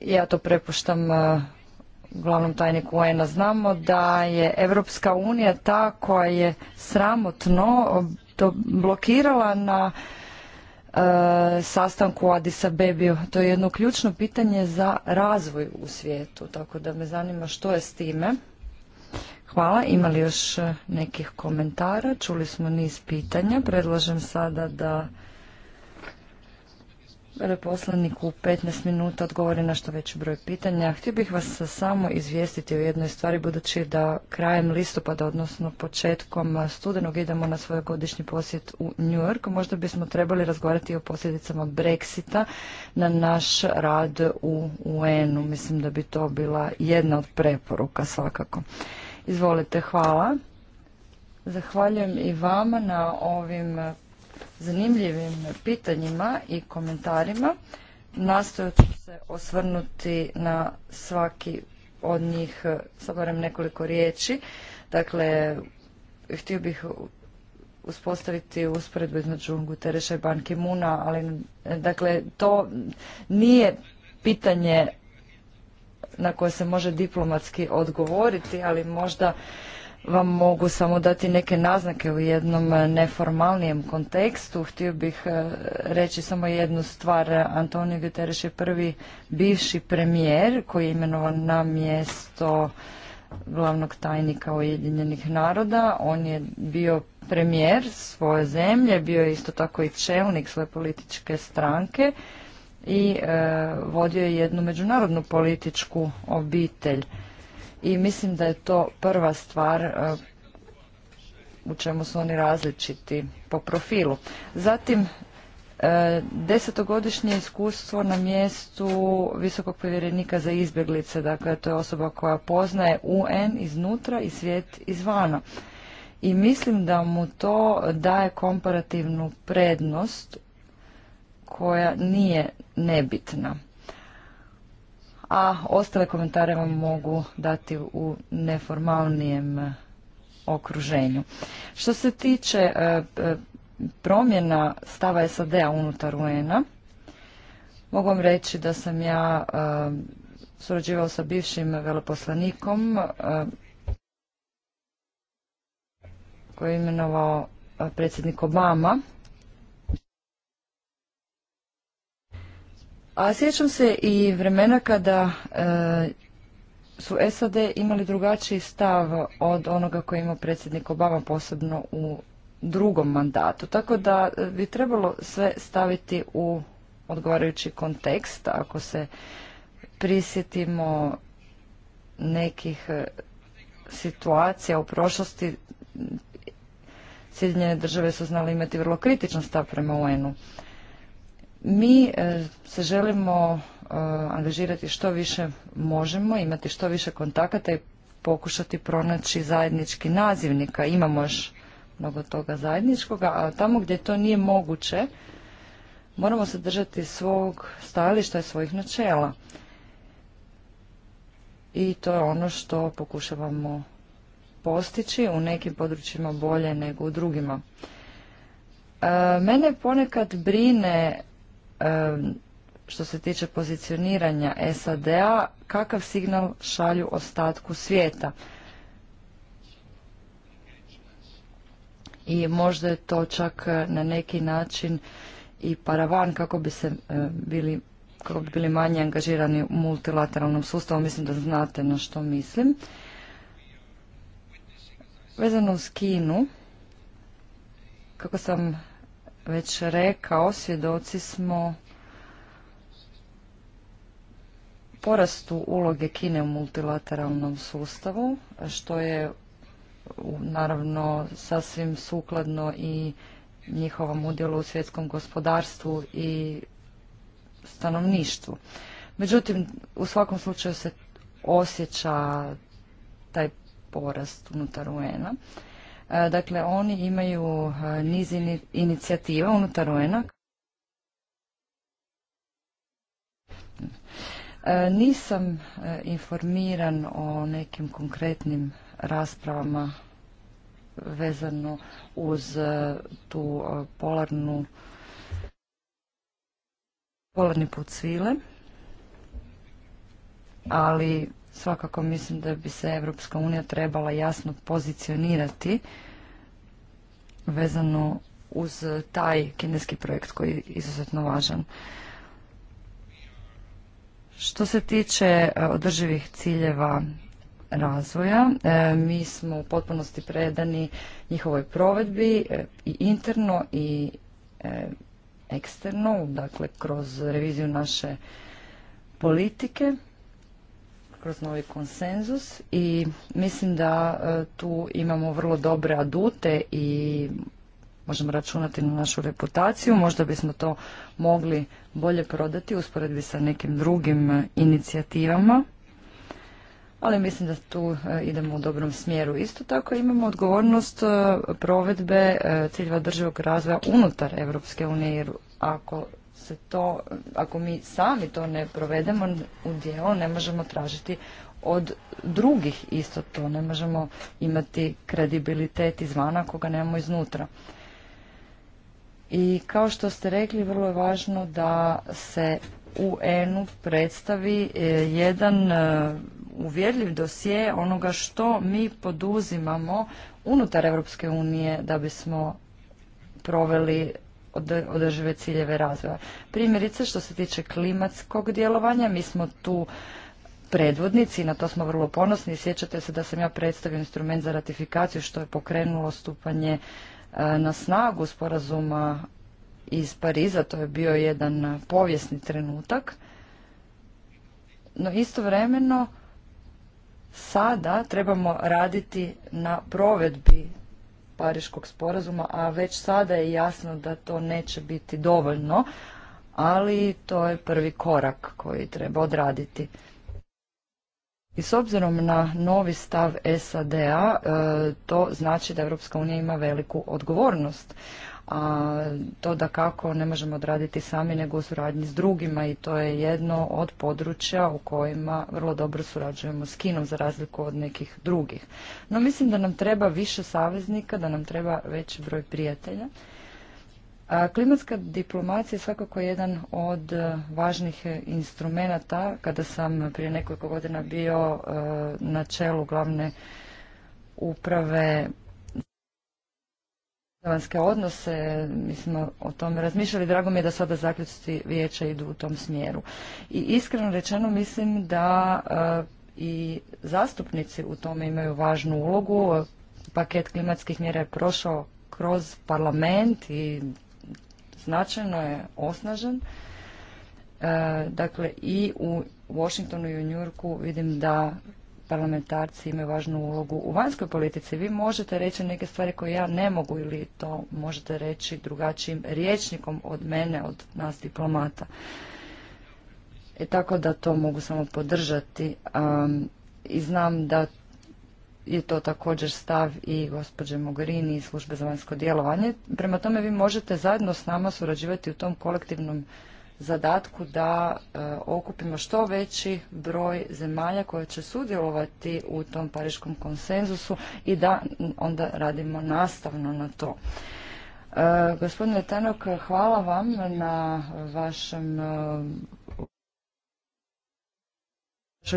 S3: Ja to prepuštam e, glavnom tajniku UN-a. Znamo da je Europska unija ta koja je sramotno to blokirala na e, sastanku u Bebio. To je jedno ključno pitanje za razvoj u svijetu, tako da me zanima što je s time. Hvala. Ima li još e, nekih komentara? Čuli smo niz pitanja. Predlažem sada da veleposlanik u 15 minuta odgovori na što veći broj pitanja. Htio bih vas samo izvijestiti o jednoj stvari, budući da krajem listopada, odnosno početkom studenog, idemo na svoj godišnji posjet u New York. Možda bismo trebali razgovarati o posljedicama Brexita na naš rad u UN-u. Mislim da bi to bila jedna od preporuka svakako. Izvolite, hvala. Zahvaljujem i vama na ovim zanimljivim pitanjima i komentarima. Nastojat ću se osvrnuti na svaki od njih eh, sa barem nekoliko riječi. Dakle, htio bih uspostaviti usporedbu između Gutereša i Banki Muna, ali eh, dakle, to nije pitanje na koje se može diplomatski odgovoriti, ali možda vam mogu samo dati neke naznake u jednom e, neformalnijem kontekstu. Htio bih e, reći samo jednu stvar. Antonio Guterres je prvi bivši premijer koji je imenovan na mjesto glavnog tajnika Ujedinjenih naroda. On je bio premijer svoje zemlje, bio je isto tako i čelnik svoje političke stranke i e, vodio je jednu međunarodnu političku obitelj i mislim da je to prva stvar e, u čemu su oni različiti po profilu. Zatim, e, desetogodišnje iskustvo na mjestu visokog povjerenika za izbjeglice, dakle to je osoba koja poznaje UN iznutra i svijet izvana. I mislim da mu to daje komparativnu prednost koja nije nebitna a ostale komentare vam mogu dati u neformalnijem e, okruženju. Što se tiče e, e, promjena stava SAD-a unutar UN-a, mogu vam reći da sam ja surađivao sa bivšim veleposlanikom koji je imenovao predsjednik Obama A sjećam se i vremena kada e, su SAD imali drugačiji stav od onoga koji ima predsjednik Obama posebno u drugom mandatu. Tako da e, bi trebalo sve staviti u odgovarajući kontekst. Ako se prisjetimo nekih e, situacija u prošlosti, Sjedinjene države su znali imati vrlo kritičan stav prema UN-u. Mi e, se želimo e, angažirati što više možemo, imati što više kontakata i pokušati pronaći zajednički nazivnika. Imamo još mnogo toga zajedničkoga, a tamo gdje to nije moguće, moramo se držati svog stajališta i svojih načela. I to je ono što pokušavamo postići u nekim područjima bolje nego u drugima. E, mene ponekad brine što se tiče pozicioniranja SAD-a, kakav signal šalju ostatku svijeta? I možda je to čak e, na neki način i paravan kako bi se e, bili kako bi bili manje angažirani u multilateralnom sustavu, mislim da znate na što mislim. Vezano s Kinu, kako sam već rekao, svjedoci smo porastu uloge Kine u multilateralnom sustavu, što je naravno sasvim sukladno i njihovom udjelu u svjetskom gospodarstvu i stanovništvu. Međutim, u svakom slučaju se osjeća taj porast unutar un E, dakle, oni imaju e, niz inicijativa unutar un e, Nisam informiran o nekim konkretnim raspravama vezano uz tu polarnu polarni put svile, ali Svakako mislim da bi se Europska unija trebala jasno pozicionirati vezano uz taj kineski projekt koji je izuzetno važan. Što se tiče e, održivih ciljeva razvoja, e, mi smo u potpunosti predani njihovoj provedbi e, i interno i eksterno, dakle kroz reviziju naše politike kroz novi konsenzus i mislim da e, tu imamo vrlo dobre adute i možemo računati na našu reputaciju. Možda bismo to mogli bolje prodati u usporedbi sa nekim drugim e, inicijativama. Ali mislim da tu e, idemo u dobrom smjeru. Isto tako imamo odgovornost provedbe ciljeva državog razvoja unutar Europske unije, jer ako se to, ako mi sami to ne provedemo u djelo, ne možemo tražiti od drugih isto to. Ne možemo imati kredibilitet izvana ako ga nemamo iznutra. I kao što ste rekli, vrlo je važno da se u u predstavi e, jedan e, uvjerljiv dosije onoga što mi poduzimamo unutar Europske unije da bismo proveli održive ciljeve razvoja. Primjerice što se tiče klimatskog djelovanja, mi smo tu predvodnici, na to smo vrlo ponosni. Sjećate se da sam ja predstavio instrument za ratifikaciju što je pokrenulo stupanje e, na snagu sporazuma iz Pariza, to je bio jedan povijesni trenutak. No istovremeno sada trebamo raditi na provedbi Pariškog sporazuma, a već sada je jasno da to neće biti dovoljno, ali to je prvi korak koji treba odraditi. I s obzirom na novi stav SAD-a, e, to znači da Europska unija ima veliku odgovornost a to da kako ne možemo odraditi sami nego u suradnji s drugima i to je jedno od područja u kojima vrlo dobro surađujemo s Kinom za razliku od nekih drugih. No mislim da nam treba više saveznika, da nam treba veći broj prijatelja. Klimatska diplomacija je svakako jedan od e, važnih instrumenata. Kada sam prije nekoliko godina bio e, na čelu glavne uprave vanjske odnose, mi smo o tome razmišljali, drago mi je da sada zaključci vijeća idu u tom smjeru. I iskreno rečeno mislim da e, i zastupnici u tome imaju važnu ulogu. Paket klimatskih mjera je prošao kroz parlament i značajno je osnažen. E, dakle, i u Washingtonu i u Njurku vidim da parlamentarci imaju važnu ulogu u vanjskoj politici. Vi možete reći neke stvari koje ja ne mogu ili to možete reći drugačijim riječnikom od mene, od nas diplomata. E tako da to mogu samo podržati. I znam da je to također stav i gospođe Mogherini i službe za vanjsko djelovanje. Prema tome vi možete zajedno s nama surađivati u tom kolektivnom zadatku da e, okupimo što veći broj zemalja koje će sudjelovati u tom pariškom konsenzusu i da onda radimo nastavno na to. E, gospodine Tanok, hvala vam na vašem e,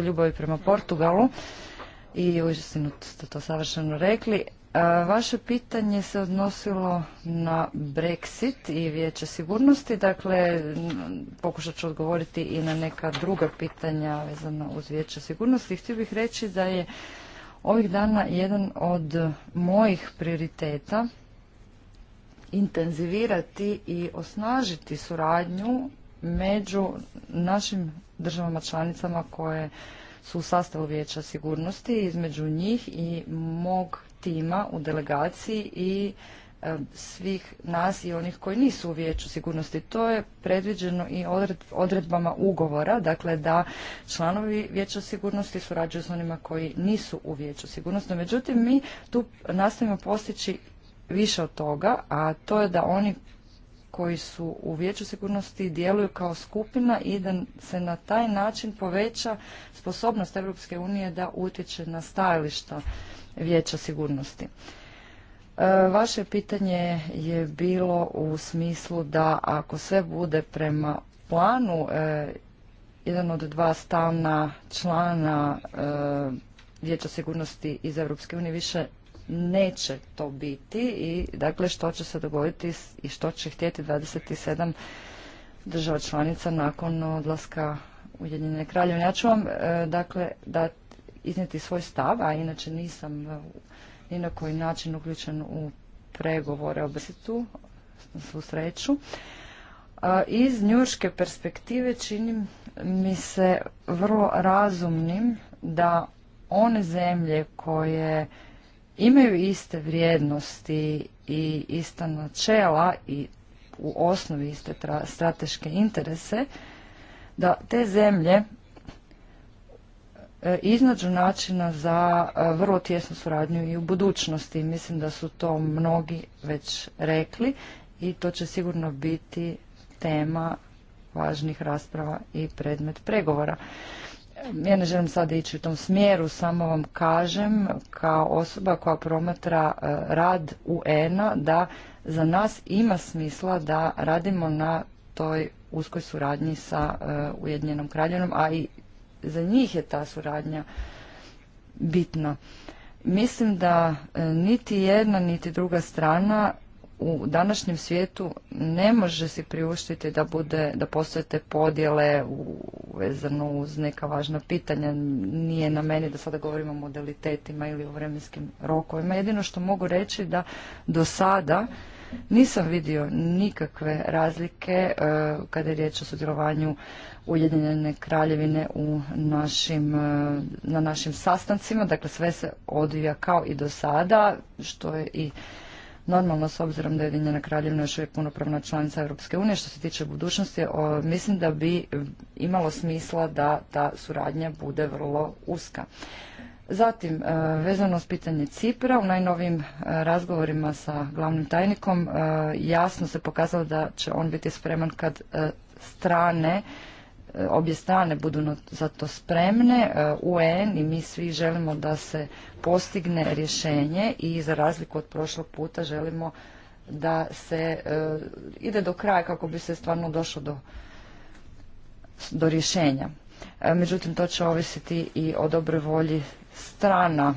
S3: ljubavi prema Portugalu i uistinu ste to savršeno rekli. Vaše pitanje se odnosilo na Brexit i vijeće sigurnosti, dakle pokušat ću odgovoriti i na neka druga pitanja vezana uz vijeće sigurnosti. Htio bih reći da je ovih dana jedan od mojih prioriteta intenzivirati i osnažiti suradnju među našim državama članicama koje su u sastavu vijeća sigurnosti između njih i mog tima u delegaciji i e, svih nas i onih koji nisu u vijeću sigurnosti. To je predviđeno i odredbama ugovora, dakle da članovi vijeća sigurnosti surađuju s onima koji nisu u vijeću sigurnosti. Međutim, mi tu nastavimo postići više od toga, a to je da oni koji su u vijeću sigurnosti djeluju kao skupina i da se na taj način poveća sposobnost EU unije da utječe na stajališta Vijeća sigurnosti. E, vaše pitanje je bilo u smislu da ako sve bude prema planu, e, jedan od dva stalna člana e, Vijeća sigurnosti iz Europske unije više neće to biti i dakle što će se dogoditi i što će htjeti 27 država članica nakon odlaska Ujedinjene kraljevine. Ja ću vam dakle dati iznijeti svoj stav, a inače nisam e, ni na koji način uključen u pregovore o Brexitu, svu sreću. E, iz njurške perspektive činim mi se vrlo razumnim da one zemlje koje imaju iste vrijednosti i ista načela i u osnovi iste strateške interese, da te zemlje E, iznađu načina za e, vrlo tjesnu suradnju i u budućnosti. Mislim da su to mnogi već rekli i to će sigurno biti tema važnih rasprava i predmet pregovora. E, ja ne želim sada ići u tom smjeru, samo vam kažem kao osoba koja promatra rad UN-a da za nas ima smisla da radimo na toj uskoj suradnji sa Ujedinjenom kraljenom, a i za njih je ta suradnja bitna. Mislim da e, niti jedna niti druga strana u današnjem svijetu ne može si priuštiti da bude, da postoje te podjele vezano uz neka važna pitanja. Nije na meni da sada govorimo o modalitetima ili o vremenskim rokovima. Jedino što mogu reći da do sada nisam vidio nikakve razlike e, kada je riječ o sudjelovanju Ujedinjene kraljevine u našim, e, na našim sastancima. Dakle, sve se odvija kao i do sada, što je i normalno s obzirom da je Ujedinjena kraljevina još uvijek punopravna članica Europske unije. Što se tiče budućnosti, mislim da bi imalo smisla da ta suradnja bude vrlo uska. Zatim, e, vezano s pitanje Cipra, u najnovim e, razgovorima sa glavnim tajnikom jasno se pokazalo da će on biti spreman kad strane E, obje strane budu za to spremne. E, UN i mi svi želimo da se postigne rješenje i za razliku od prošlog puta želimo da se e, ide do kraja kako bi se stvarno došlo do, do rješenja. Međutim, to će ovisiti i o dobroj volji strana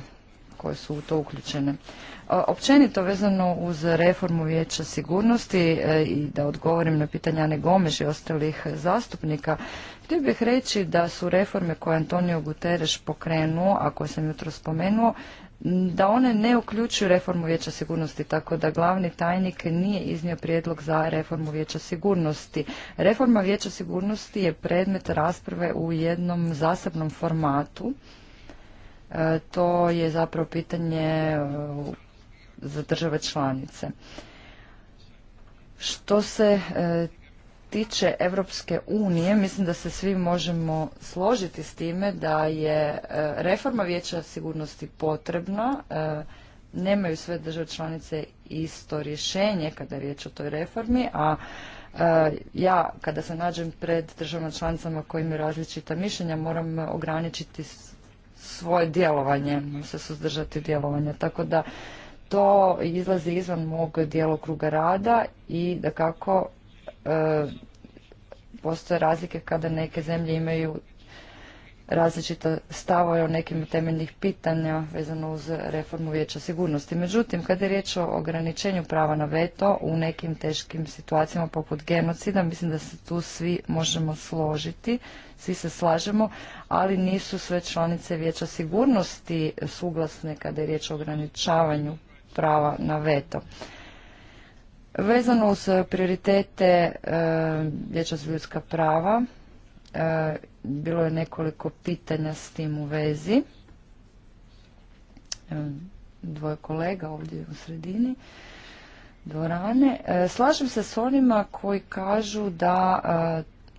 S3: koje su u to uključene. Općenito vezano uz reformu vijeća sigurnosti e, i da odgovorim na pitanje Ane Gomež i ostalih zastupnika, htio bih reći da su reforme koje Antonio Guterres pokrenuo, a koje sam jutro spomenuo, da one ne uključuju reformu vijeća sigurnosti, tako da glavni tajnik nije iznio prijedlog za reformu vijeća sigurnosti. Reforma vijeća sigurnosti je predmet rasprave u jednom zasebnom formatu. E, to je zapravo pitanje e, za države članice. Što se e, tiče Europske unije, mislim da se svi možemo složiti s time da je e, reforma vijeća sigurnosti potrebna. E, nemaju sve države članice isto rješenje kada je riječ o toj reformi, a ja kada se nađem pred državama članicama koji imaju različita mišljenja moram ograničiti svoje djelovanje, se suzdržati djelovanja. Tako da to izlazi izvan mog djelokruga rada i da kako e, postoje razlike kada neke zemlje imaju različita stava o nekim temeljnih pitanja vezano uz reformu vijeća sigurnosti. Međutim, kada je riječ o ograničenju prava na veto u nekim teškim situacijama poput genocida, mislim da se tu svi možemo složiti, svi se slažemo, ali nisu sve članice vijeća sigurnosti suglasne kada je riječ o ograničavanju prava na veto. Vezano uz prioritete e, Vječa za ljudska prava, e, bilo je nekoliko pitanja s tim u vezi. dvoje kolega ovdje u sredini dvorane. E, slažem se s onima koji kažu da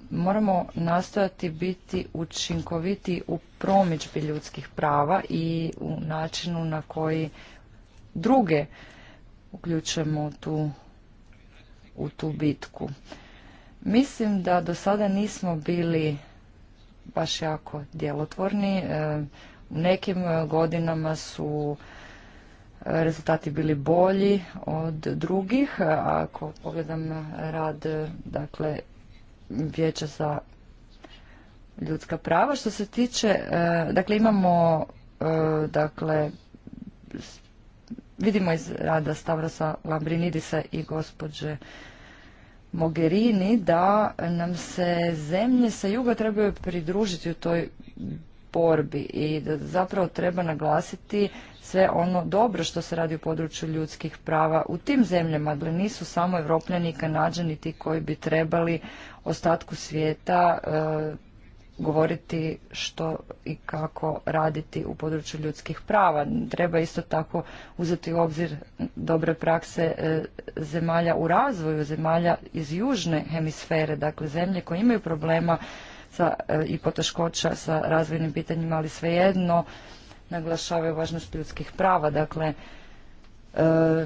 S3: moramo nastojati biti učinkoviti u promičbi ljudskih prava i u načinu na koji druge uključujemo tu, u tu bitku. Mislim da do sada nismo bili baš jako djelotvorni. E, u nekim godinama su e, rezultati bili bolji od drugih. E, ako pogledam rad dakle, vijeća za ljudska prava, što se tiče, dakle imamo dakle vidimo iz rada Stavrosa Lambrinidisa i gospođe Mogherini da nam se zemlje sa juga trebaju pridružiti u toj borbi i da zapravo treba naglasiti sve ono dobro što se radi u području ljudskih prava u tim zemljama, da nisu samo evropljani i kanadžani ti koji bi trebali ostatku svijeta e, govoriti što i kako raditi u području ljudskih prava. Treba isto tako uzeti u obzir dobre prakse e, zemalja u razvoju, zemalja iz južne hemisfere, dakle zemlje koje imaju problema sa, e, i poteškoća sa razvojnim pitanjima, ali svejedno naglašavaju važnost ljudskih prava. Dakle, e,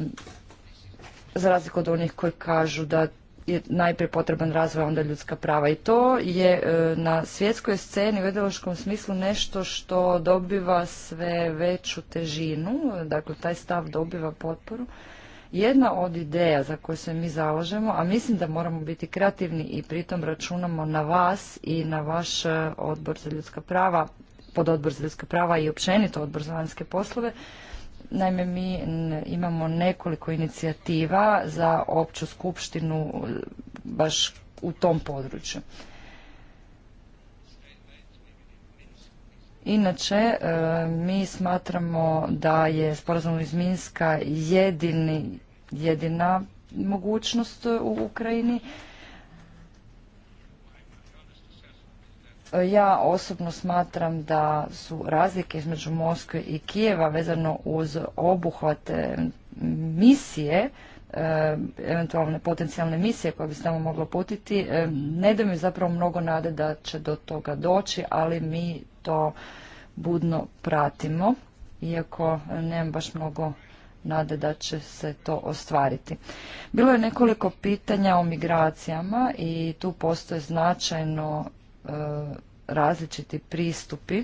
S3: za razliku od onih koji kažu da je najprije potreban razvoj, onda ljudska prava. I to je e, na svjetskoj sceni u ideološkom smislu nešto što dobiva sve veću težinu, dakle taj stav dobiva potporu. Jedna od ideja za koje se mi zalažemo, a mislim da moramo biti kreativni i pritom računamo na vas i na vaš e, odbor za ljudska prava, odbor za ljudska prava i općenito odbor za vanjske poslove, Naime, mi imamo nekoliko inicijativa za opću skupštinu e, baš u tom području. Inače, e, mi smatramo da je sporazum iz Minska jedina mogućnost u Ukrajini Ja osobno smatram da su razlike između Moskve i Kijeva vezano uz obuhvate misije, e, eventualne potencijalne misije koje bi se tamo moglo putiti, e, ne da mi zapravo mnogo nade da će do toga doći, ali mi to budno pratimo, iako nemam baš mnogo nade da će se to ostvariti. Bilo je nekoliko pitanja o migracijama i tu postoje značajno E, različiti pristupi,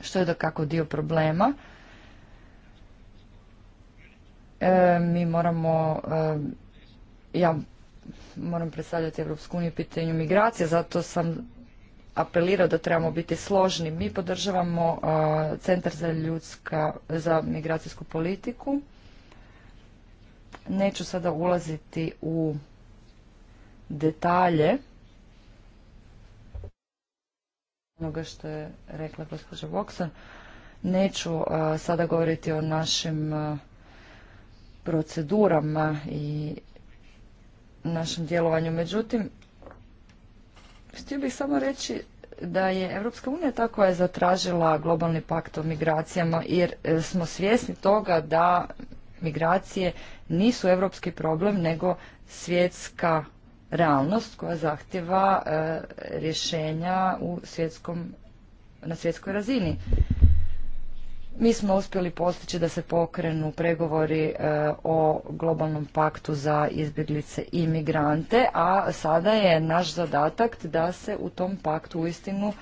S3: što je da kako dio problema. E, mi moramo, e, ja moram predstavljati Evropsku uniju pitanju migracije, zato sam apelirao da trebamo biti složni. Mi podržavamo Centar za ljudska, za migracijsku politiku. Neću sada ulaziti u detalje onoga što je rekla gospođa Voksan. Neću sada govoriti o našim procedurama i našem djelovanju. Međutim, htio bih samo reći da je Europska unija ta je zatražila globalni pakt o migracijama jer e, smo svjesni toga da migracije nisu europski problem nego svjetska realnost koja zahtjeva e, rješenja u na svjetskoj razini. Mi smo uspjeli postići da se pokrenu pregovori e, o globalnom paktu za izbjeglice i migrante, a sada je naš zadatak da se u tom paktu uistinu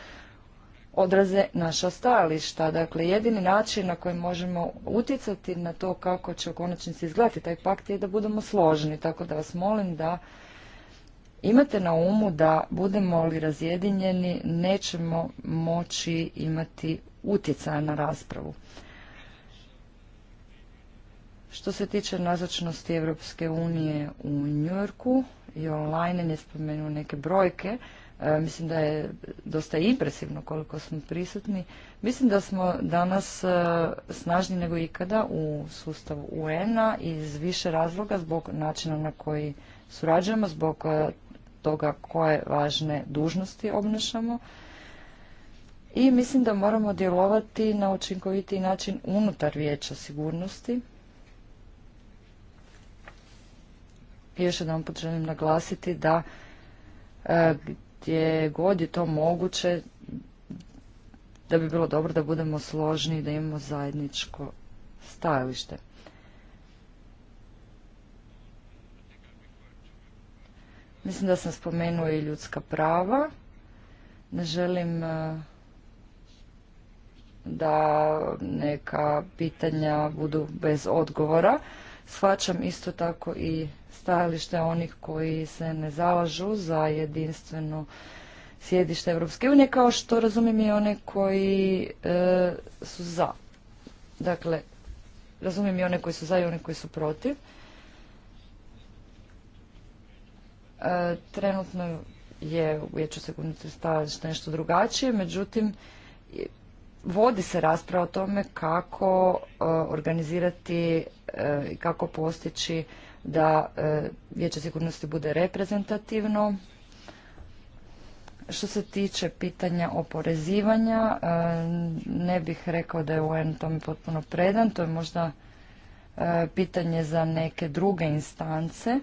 S3: odraze naša stajališta. Dakle, jedini način na koji možemo utjecati na to kako će u konačnici izgledati taj pakt je da budemo složni. Tako da vas molim da Imate na umu da budemo li razjedinjeni nećemo moći imati utjecaja na raspravu. Što se tiče nazočnosti Europske unije u Njujorku, i online ne spomenu neke brojke, e, mislim da je dosta impresivno koliko smo prisutni. Mislim da smo danas e, snažni nego ikada u sustavu UN-a iz više razloga zbog načina na koji surađujemo, zbog e, toga koje važne dužnosti obnašamo i mislim da moramo djelovati na učinkoviti način unutar vijeća sigurnosti. I još jednom želim naglasiti da e, gdje god je to moguće da bi bilo dobro da budemo složni i da imamo zajedničko stajalište. Mislim da sam spomenuo i ljudska prava. Ne želim e, da neka pitanja budu bez odgovora. Shvaćam isto tako i stajalište onih koji se ne zalažu za jedinstveno sjedište Europske unije, kao što razumijem i one koji e, su za. Dakle, razumijem i one koji su za i one koji su protiv. E, trenutno je u vijeću sigurnosti stavljati nešto drugačije, međutim vodi se rasprava o tome kako e, organizirati e, i kako postići da vijeće sigurnosti bude reprezentativno. Što se tiče pitanja oporezivanja, ne bih rekao da je UN tome potpuno predan, to je možda pitanje za neke druge instance.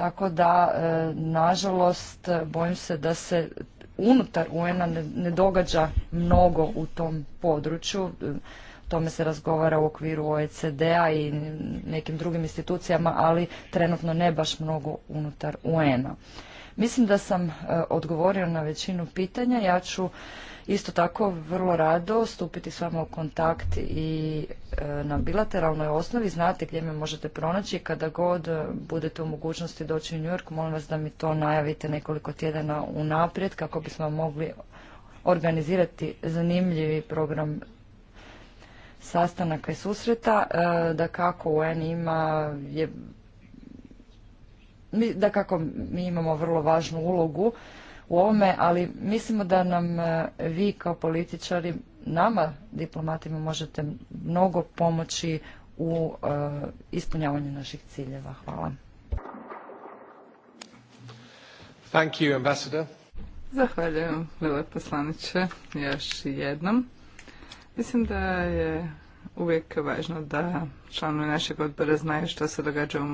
S3: Tako da, e, nažalost, bojim se da se unutar UN-a ne događa mnogo u tom području. E, tome se razgovara u okviru OECD-a i nekim drugim institucijama, ali trenutno ne baš mnogo unutar UN-a. Mislim da sam e, odgovorio na većinu pitanja. Ja ću isto tako vrlo rado stupiti s vama u kontakt i e, na bilateralnoj osnovi. Znate gdje me možete pronaći kada god budete u mogućnosti doći u New York, molim vas da mi to najavite nekoliko tjedana unaprijed kako bismo mogli organizirati zanimljivi program sastanaka i susreta. E, da kako UN ima je da kako mi imamo vrlo važnu ulogu u ovome, ali mislimo da nam e, vi kao političari, nama diplomatima možete mnogo pomoći u e, ispunjavanju naših ciljeva. Hvala.
S1: Thank you, ambassador.
S3: Zahvaljujem, veleposlaniče,
S2: još jednom. Mislim da je uvijek važno da članovi našeg odbora znaju što se događa u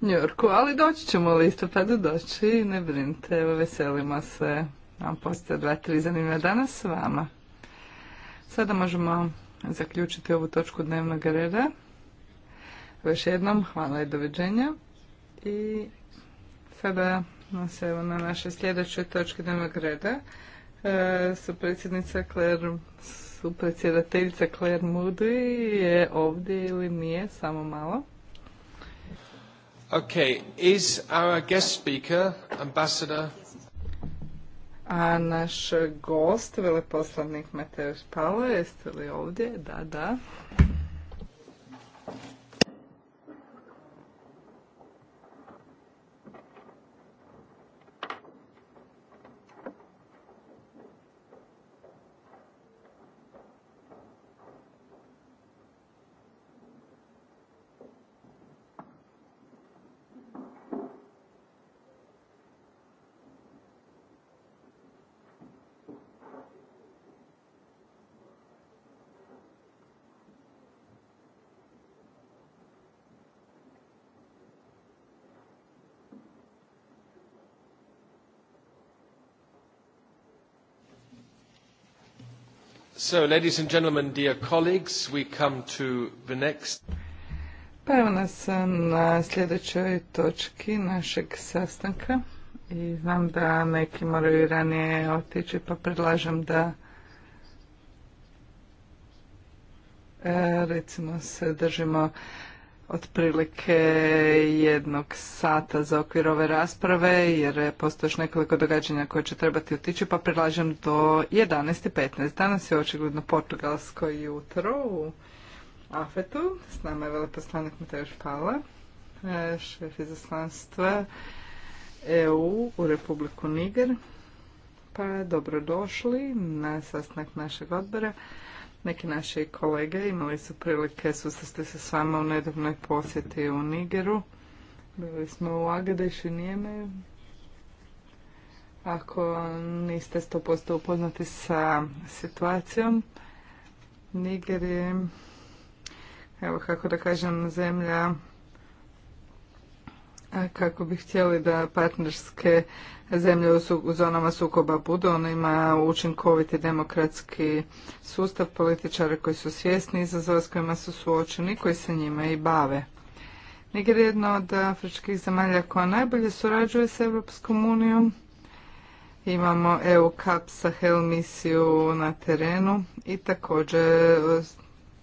S2: Njurku, ali doći ćemo u listopadu doći, ne brinite, veselimo se. Vam postoje dva, tri zanimljiva danas s vama. Sada možemo zaključiti ovu točku dnevnog reda. Još jednom, hvala i doviđenja. I sada nas evo na našoj sljedećoj točki dnevnog reda. E, su predsjednica Claire, su predsjedateljica Claire Moody je ovdje ili nije, samo malo.
S1: Okay, is our guest speaker, ambassador...
S2: A naš gost, veleposlanik Mateusz Palo, jeste li ovdje? Da, da.
S1: ladies and gentlemen, dear colleagues, we come to the next...
S2: Pa evo nas na sljedećoj točki našeg sastanka i znam da neki moraju ranije otići pa predlažem da e, recimo se držimo otprilike jednog sata za okvir ove rasprave jer postoje još nekoliko događanja koje će trebati otići pa predlažem do 11.15. Danas je očigledno portugalsko jutro u Afetu. S nama je veleposlanik Mateoš Pala, e, šef izaslanstva EU u Republiku Niger. Pa dobrodošli na sastanak našeg odbora. Neki naši kolege imali su prilike susreste se s vama u nedavnoj posjeti u Nigeru. Bili smo u Agadešu i Ako niste 100% upoznati sa situacijom, Niger je, evo kako da kažem, zemlja kako bi htjeli da partnerske zemlje u zonama sukoba budu. Ono ima učinkoviti demokratski sustav političara koji su svjesni izazova s kojima su suočeni, koji se njima i bave. Niger je jedna od afričkih zemalja koja najbolje surađuje s Europskom unijom. Imamo EU CAP hel misiju na terenu i također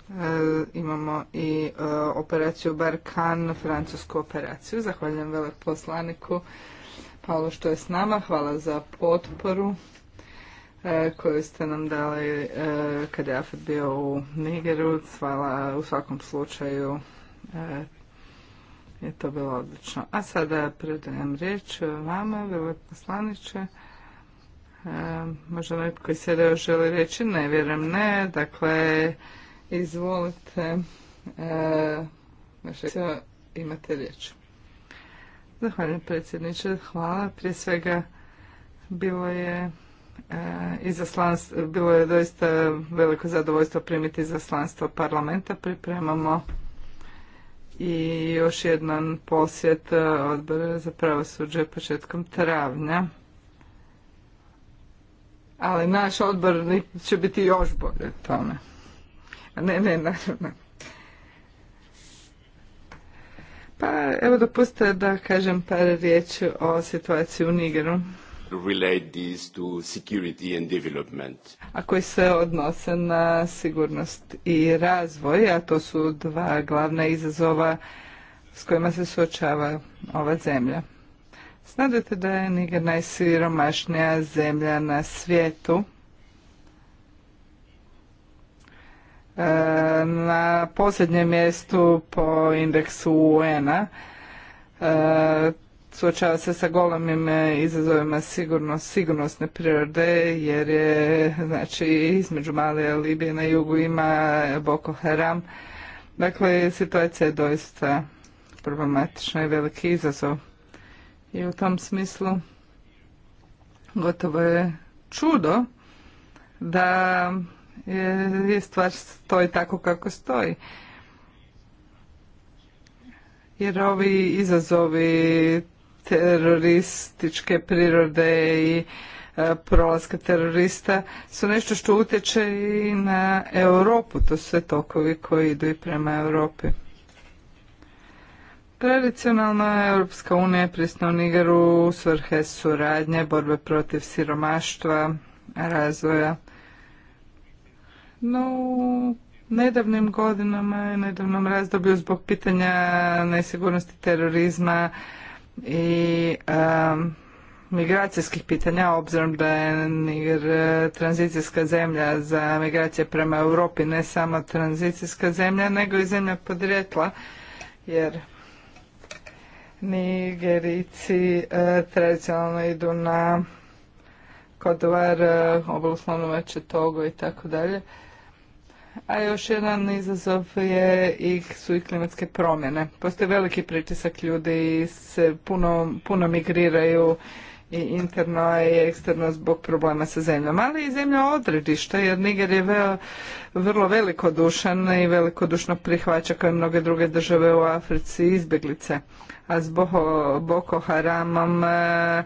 S2: E, imamo i e, operaciju Barkan, francusku operaciju. Zahvaljujem poslaniku Paolo što je s nama. Hvala za potporu e, koju ste nam dali kada je Afet bio u Nigeru. Hvala u svakom slučaju je to bilo odlično. A sada predajem riječ vama, poslaniče Možda netko koji se još želi reći? Ne, vjerujem ne. Dakle, Izvolite. E, imate riječ. Zahvaljujem predsjedniče. Hvala. Prije svega bilo je e, bilo je doista veliko zadovoljstvo primiti izaslanstvo parlamenta. Pripremamo i još jedan posjet e, odbora za pravosuđe početkom travnja. Ali naš odbor će biti još bolje tome. Ne, ne, naravno. Pa evo dopustite da kažem par riječi o situaciji u Nigeru.
S3: Relate to security and
S1: development.
S2: A koji se odnose na sigurnost i razvoj, a to su dva glavna izazova s kojima se suočava ova zemlja. Znate da je Niger najsiromašnija zemlja na svijetu na posljednjem mjestu po indeksu UN-a. E, suočava se sa golemim e, izazovima sigurno, sigurnosne prirode jer je znači između Malije Libije na jugu ima Boko Haram. Dakle, situacija je doista problematična i veliki izazov. I u tom smislu gotovo je čudo da je stvar stoji tako kako stoji. Jer ovi izazovi terorističke prirode i e, prolaska terorista su nešto što utječe i na Europu. To su sve tokovi koji idu i prema Europi. Tradicionalna Europska unija je prisna u Nigeru svrhe suradnje, borbe protiv siromaštva, razvoja no, u nedavnim godinama i nedavnom razdoblju zbog pitanja nesigurnosti terorizma i um, migracijskih pitanja, obzirom da je Niger tranzicijska zemlja za migracije prema Europi, ne samo tranzicijska zemlja, nego i zemlja podrijetla, jer Nigerici e, tradicionalno idu na Kodovar, e, veće i tako dalje a još jedan izazov je i su i klimatske promjene. Postoji veliki pritisak ljudi i se puno, puno migriraju i interno i eksterno zbog problema sa zemljom, ali i zemlja odredišta, jer Niger je veo, vrlo velikodušan i velikodušno prihvaća kao i mnoge druge države u Africi izbjeglice. A zbog Boko Haramom e,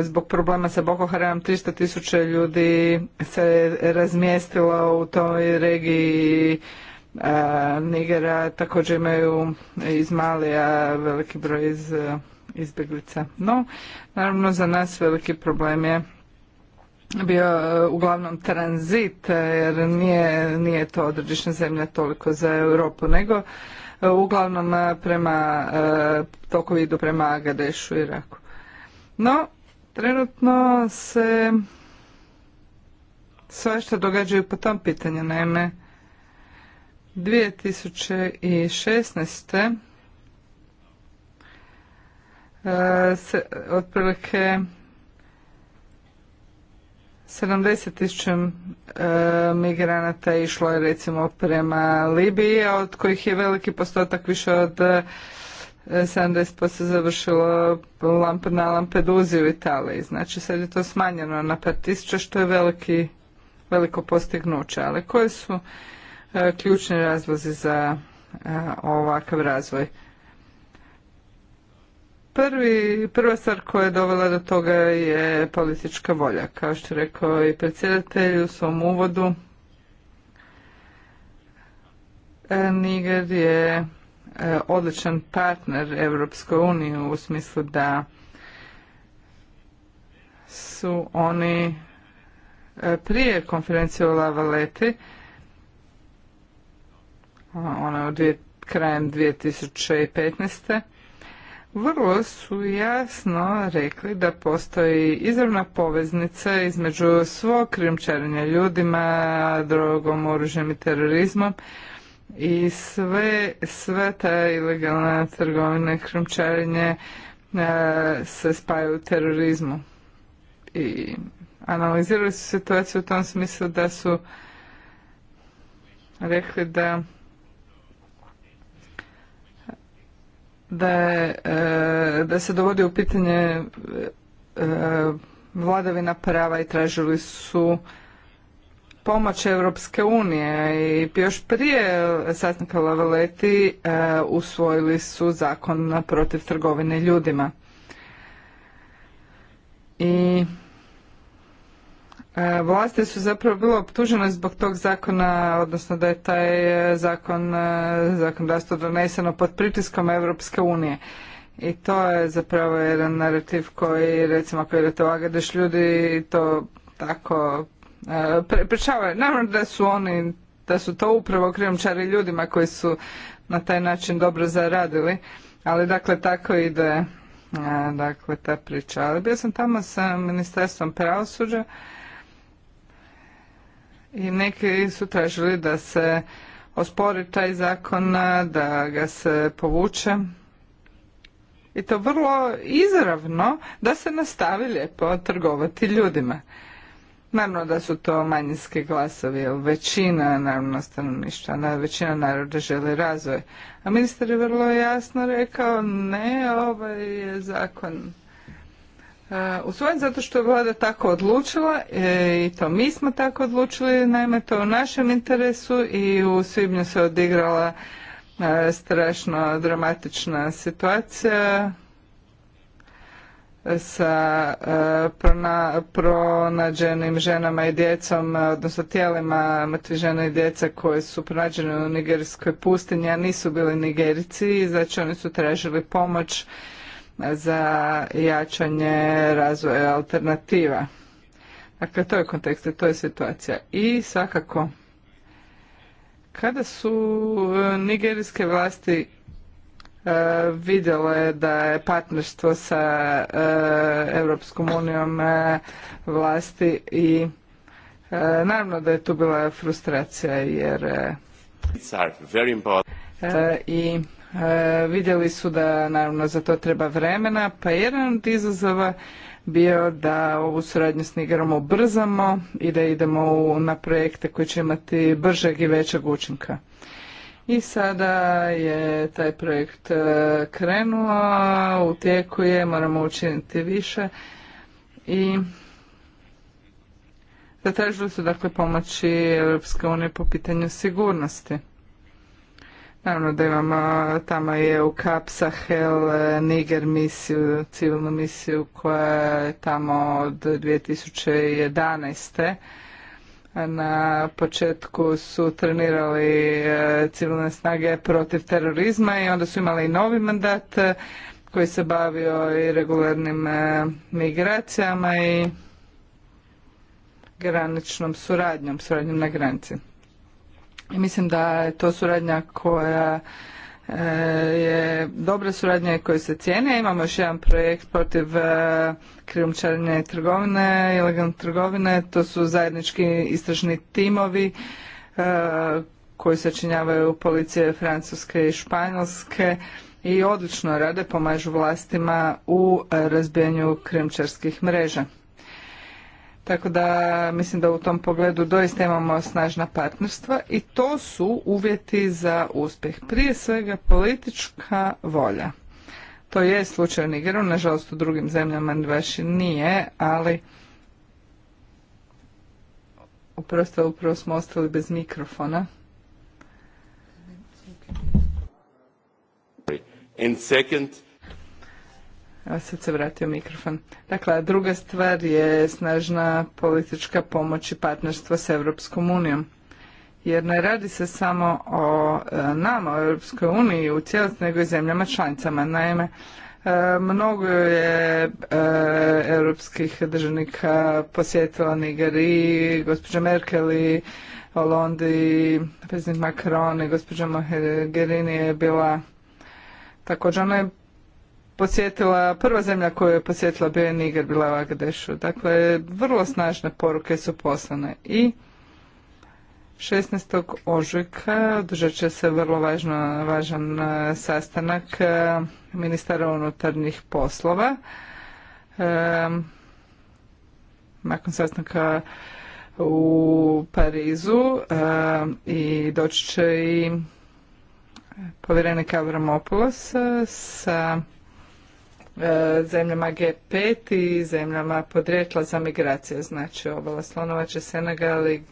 S2: zbog problema sa Boko Haram 300 tisuća ljudi se razmjestilo u toj regiji Nigera, također imaju iz Malija veliki broj iz e, izbjeglica. No, naravno za nas veliki problem je bio e, uglavnom tranzit e, jer nije, nije to odredišna zemlja toliko za Europu nego uglavnom prema tokovi idu prema Agadešu i Iraku. No, Trenutno se svašta događaju po tom pitanju, naime 2016. Eh, se, otprilike 70.000 tisuća eh, migranata išlo je recimo prema Libiji, od kojih je veliki postotak više od 70% završilo na Lampeduzi u Italiji. Znači sad je to smanjeno na 5000, što je veliki, veliko postignuće. Ali koje su e, ključni razlozi za e, ovakav razvoj? Prvi, prva stvar koja je dovela do toga je politička volja. Kao što je rekao i predsjedatelj u svom uvodu, e, Niger je E, odličan partner Europskoj uniji u smislu da su oni e, prije konferencije u Lavaleti ona od krajem 2015. Vrlo su jasno rekli da postoji izravna poveznica između svog krijumčarenja ljudima, drogom, oružjem i terorizmom, i sve, sve ta ilegalna trgovina, krumčarenje e, se spaju u terorizmu. I analizirali su situaciju u tom smislu da su rekli da da, e, da se dovodi u pitanje e, vladavina prava i tražili su pomoć Europske unije i još prije sastanka Lavaleti e, usvojili su zakon protiv trgovine ljudima. I e, vlasti su zapravo bilo optužene zbog tog zakona, odnosno da je taj e, zakon, zakonodavstvo doneseno pod pritiskom Europske unije. I to je zapravo jedan narativ koji, recimo, ako idete u Agadeš, ljudi to tako E, prepričavaju. Naravno da su oni, da su to upravo krijumčari ljudima koji su na taj način dobro zaradili, ali dakle tako ide e, dakle ta priča. Ali bio sam tamo sa Ministarstvom pravosuđa i neki su tražili da se ospori taj zakon, da ga se povuče. I to vrlo izravno da se nastavi lijepo trgovati ljudima. Naravno da su to manjinski glasovi, većina naravno stanovništva, većina naroda želi razvoj. A ministar je vrlo jasno rekao ne, ovaj je zakon e, usvojen zato što je vlada tako odlučila e, i to mi smo tako odlučili, naime to u našem interesu i u svibnju se odigrala e, strašno dramatična situacija sa e, pronađenim ženama i djecom, odnosno tijelima mrtvih žena i djeca koje su pronađene u nigerijskoj pustinji, a nisu bili nigerici, znači oni su tražili pomoć za jačanje razvoja alternativa. Dakle, to je kontekst to je situacija. I svakako, kada su e, nigerijske vlasti E, vidjelo je da je partnerstvo sa e, Europskom unijom e, vlasti i naravno da je tu bila frustracija jer i vidjeli su da naravno za to treba vremena pa jedan od izazova bio da ovu suradnju s Nigerom ubrzamo i da idemo na projekte koji će imati bržeg i većeg učinka i sada je taj projekt e, krenuo, u tijeku je, moramo učiniti više i zatražili su dakle pomoći Europske unije po pitanju sigurnosti. Naravno da imamo tamo je u Kap Sahel e, Niger misiju, civilnu misiju koja je tamo od 2011 na početku su trenirali e, civilne snage protiv terorizma i onda su imali i novi mandat e, koji se bavio i regularnim e, migracijama i graničnom suradnjom, suradnjom na granici. I mislim da je to suradnja koja E, je dobre suradnje koje se cijene. Imamo još jedan projekt protiv e, krijumčarenja trgovine, ilegalne trgovine. To su zajednički istražni timovi e, koji se činjavaju policije Francuske i Španjolske i odlično rade, pomažu vlastima u razbijanju krimčarskih mreža. Tako da mislim da u tom pogledu doista imamo snažna partnerstva i to su uvjeti za uspjeh. Prije svega politička volja. To je slučaj u Nigeru, nažalost u drugim zemljama baš nije, ali uprosto upravo smo ostali bez mikrofona. second, a sad se vratio mikrofon. Dakle, druga stvar je snažna politička pomoć i partnerstvo s Europskom unijom. Jer ne radi se samo o e, nama, o Europskoj uniji u cijelosti, nego i zemljama članicama. Naime, e, mnogo je e, europskih državnika posjetila nigeri, gospođa Merkel i Olondi, prezident Macron i gospođa Mogherini je bila Također ona je posjetila, prva zemlja koju je posjetila bio je Niger, bila je u Agadešu. Dakle, vrlo snažne poruke su poslane i 16. ožujka održat će se vrlo važno, važan e, sastanak e, ministara unutarnjih poslova. E, nakon sastanka u Parizu e, i doći će i povjerenik Avramopoulos sa E, zemljama G5 i zemljama podrijetla za migracije, znači obala Slonovače, Senegal i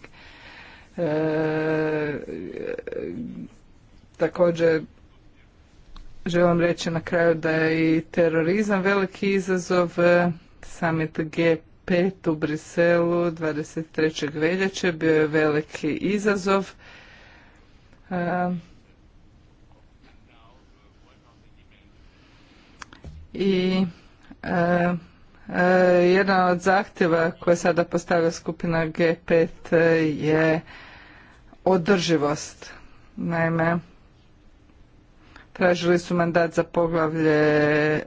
S2: e, također želim reći na kraju da je i terorizam veliki izazov summit G5 u Briselu 23. veljače bio je veliki izazov e, i e, e, jedan od zahtjeva koje sada postavlja skupina G5 je održivost. Naime, tražili su mandat za poglavlje e,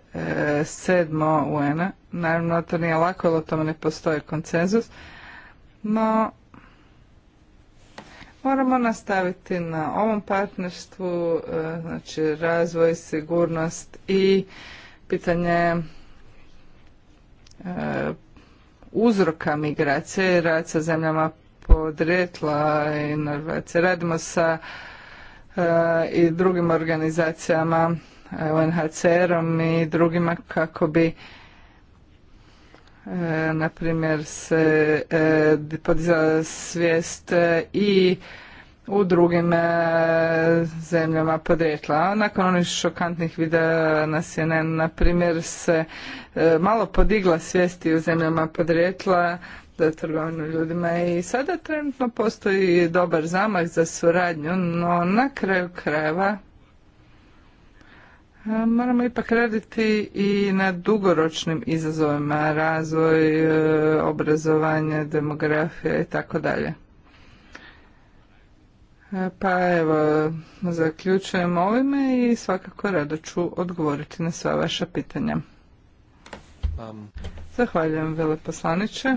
S2: sedmo UN-a. Naravno, to nije lako, jer o tome ne postoji konsenzus. No, moramo nastaviti na ovom partnerstvu, e, znači razvoj, sigurnost i pitanje e, uzroka migracije i rad sa zemljama podretla i Norvacije. Radimo sa e, i drugim organizacijama e, UNHCR-om i drugima kako bi na primjer se podizala svijest i u drugim e, zemljama podrijetla. Nakon onih šokantnih videa na CNN, na primjer, se e, malo podigla svijesti u zemljama podrijetla da trgovinu ljudima i sada trenutno postoji dobar zamah za suradnju, no na kraju krajeva e, moramo ipak raditi i na dugoročnim izazovima, razvoj, obrazovanje, demografija i tako dalje. E, pa evo, zaključujem ovime i svakako rado ću odgovoriti na sva vaša pitanja. Um. Zahvaljujem veleposlaniče.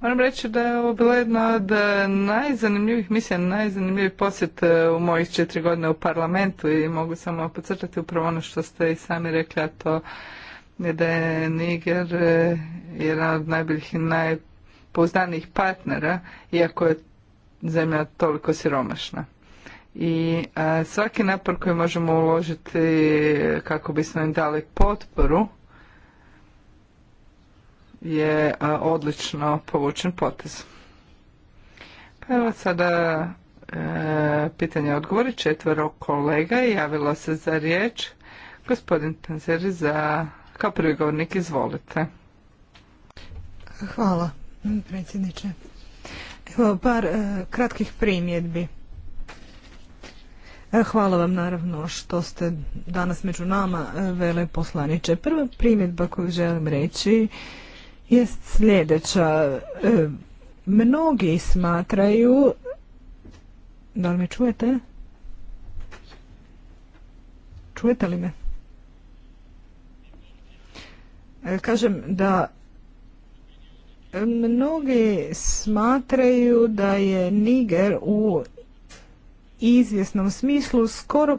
S2: Moram reći da je ovo bila jedna od e, najzanimljivih mislim najzanimljivih posjet e, u mojih četiri godine u parlamentu i mogu samo pocrtati upravo ono što ste i sami rekli, a to je da je Niger jedan od najboljih i najpouzdanijih partnera, iako je zemlja toliko siromašna. I svaki napor koji možemo uložiti kako bismo im dali potporu je a, odlično povučen potez. Pa evo sada e, pitanje odgovori. Četvero kolega javilo se za riječ. Gospodin Tanzer za kao prvi govornik izvolite.
S1: Hvala predsjedniče. Evo, par e, kratkih primjedbi. E, hvala vam naravno što ste danas među nama, e, vele poslaniče. Prva primjedba koju želim reći jest sljedeća. Mnogi smatraju... Da li me čujete? Čujete li me? Kažem da Mnogi smatraju da je Niger u izvjesnom smislu skoro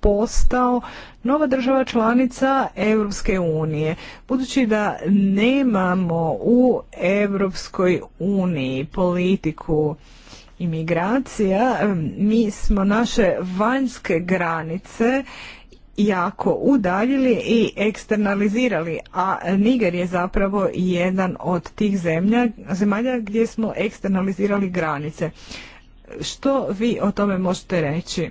S1: postao nova država članica Europske unije. Budući da nemamo u Europskoj uniji politiku imigracija, mi smo naše vanjske granice jako udaljili i eksternalizirali, a Niger je zapravo jedan od tih zemlja, zemalja gdje smo eksternalizirali granice. Što vi o tome možete reći?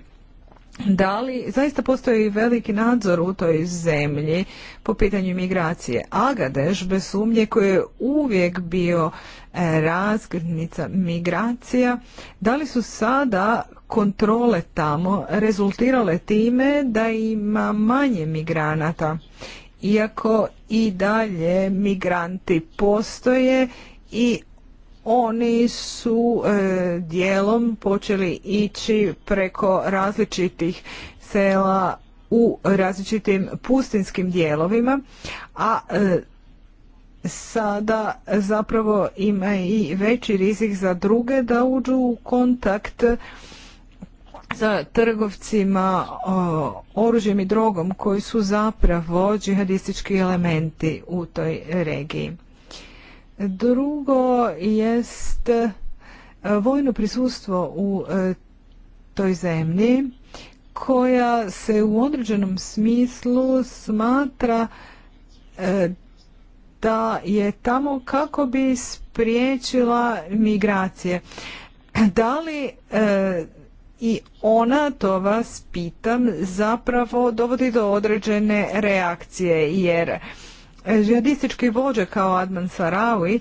S1: da li zaista postoji veliki nadzor u toj zemlji po pitanju migracije. Agadeš, bez sumnje, koji je uvijek bio e, razglednica migracija, da li su sada kontrole tamo rezultirale time da ima manje migranata? Iako i dalje migranti postoje i oni su e, dijelom počeli ići preko različitih sela u različitim pustinskim dijelovima, a e, sada zapravo ima i veći rizik za druge da uđu u kontakt sa trgovcima oružjem i drogom koji su zapravo džihadistički elementi u toj regiji. Drugo jest e, vojno prisustvo u e, toj zemlji koja se u određenom smislu smatra e, da je tamo kako bi spriječila migracije. Da li i ona, to vas pitam, zapravo dovodi do određene reakcije jer Žihadistički vođe kao Adman Sarawi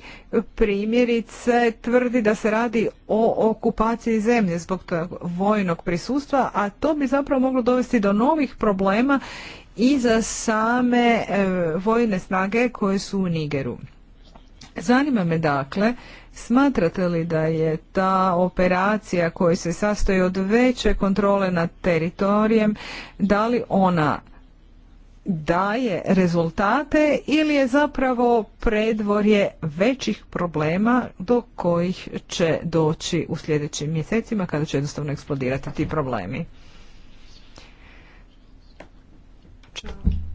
S1: primjerice tvrdi da se radi o okupaciji zemlje zbog tog vojnog prisustva, a to bi zapravo moglo dovesti do novih problema i za same e, vojne snage koje su u Nigeru. Zanima me dakle, smatrate li da je ta operacija koja se sastoji od veće kontrole nad teritorijem, da li ona daje rezultate ili je zapravo predvorje većih problema do kojih će doći u sljedećim mjesecima kada će jednostavno eksplodirati ti problemi.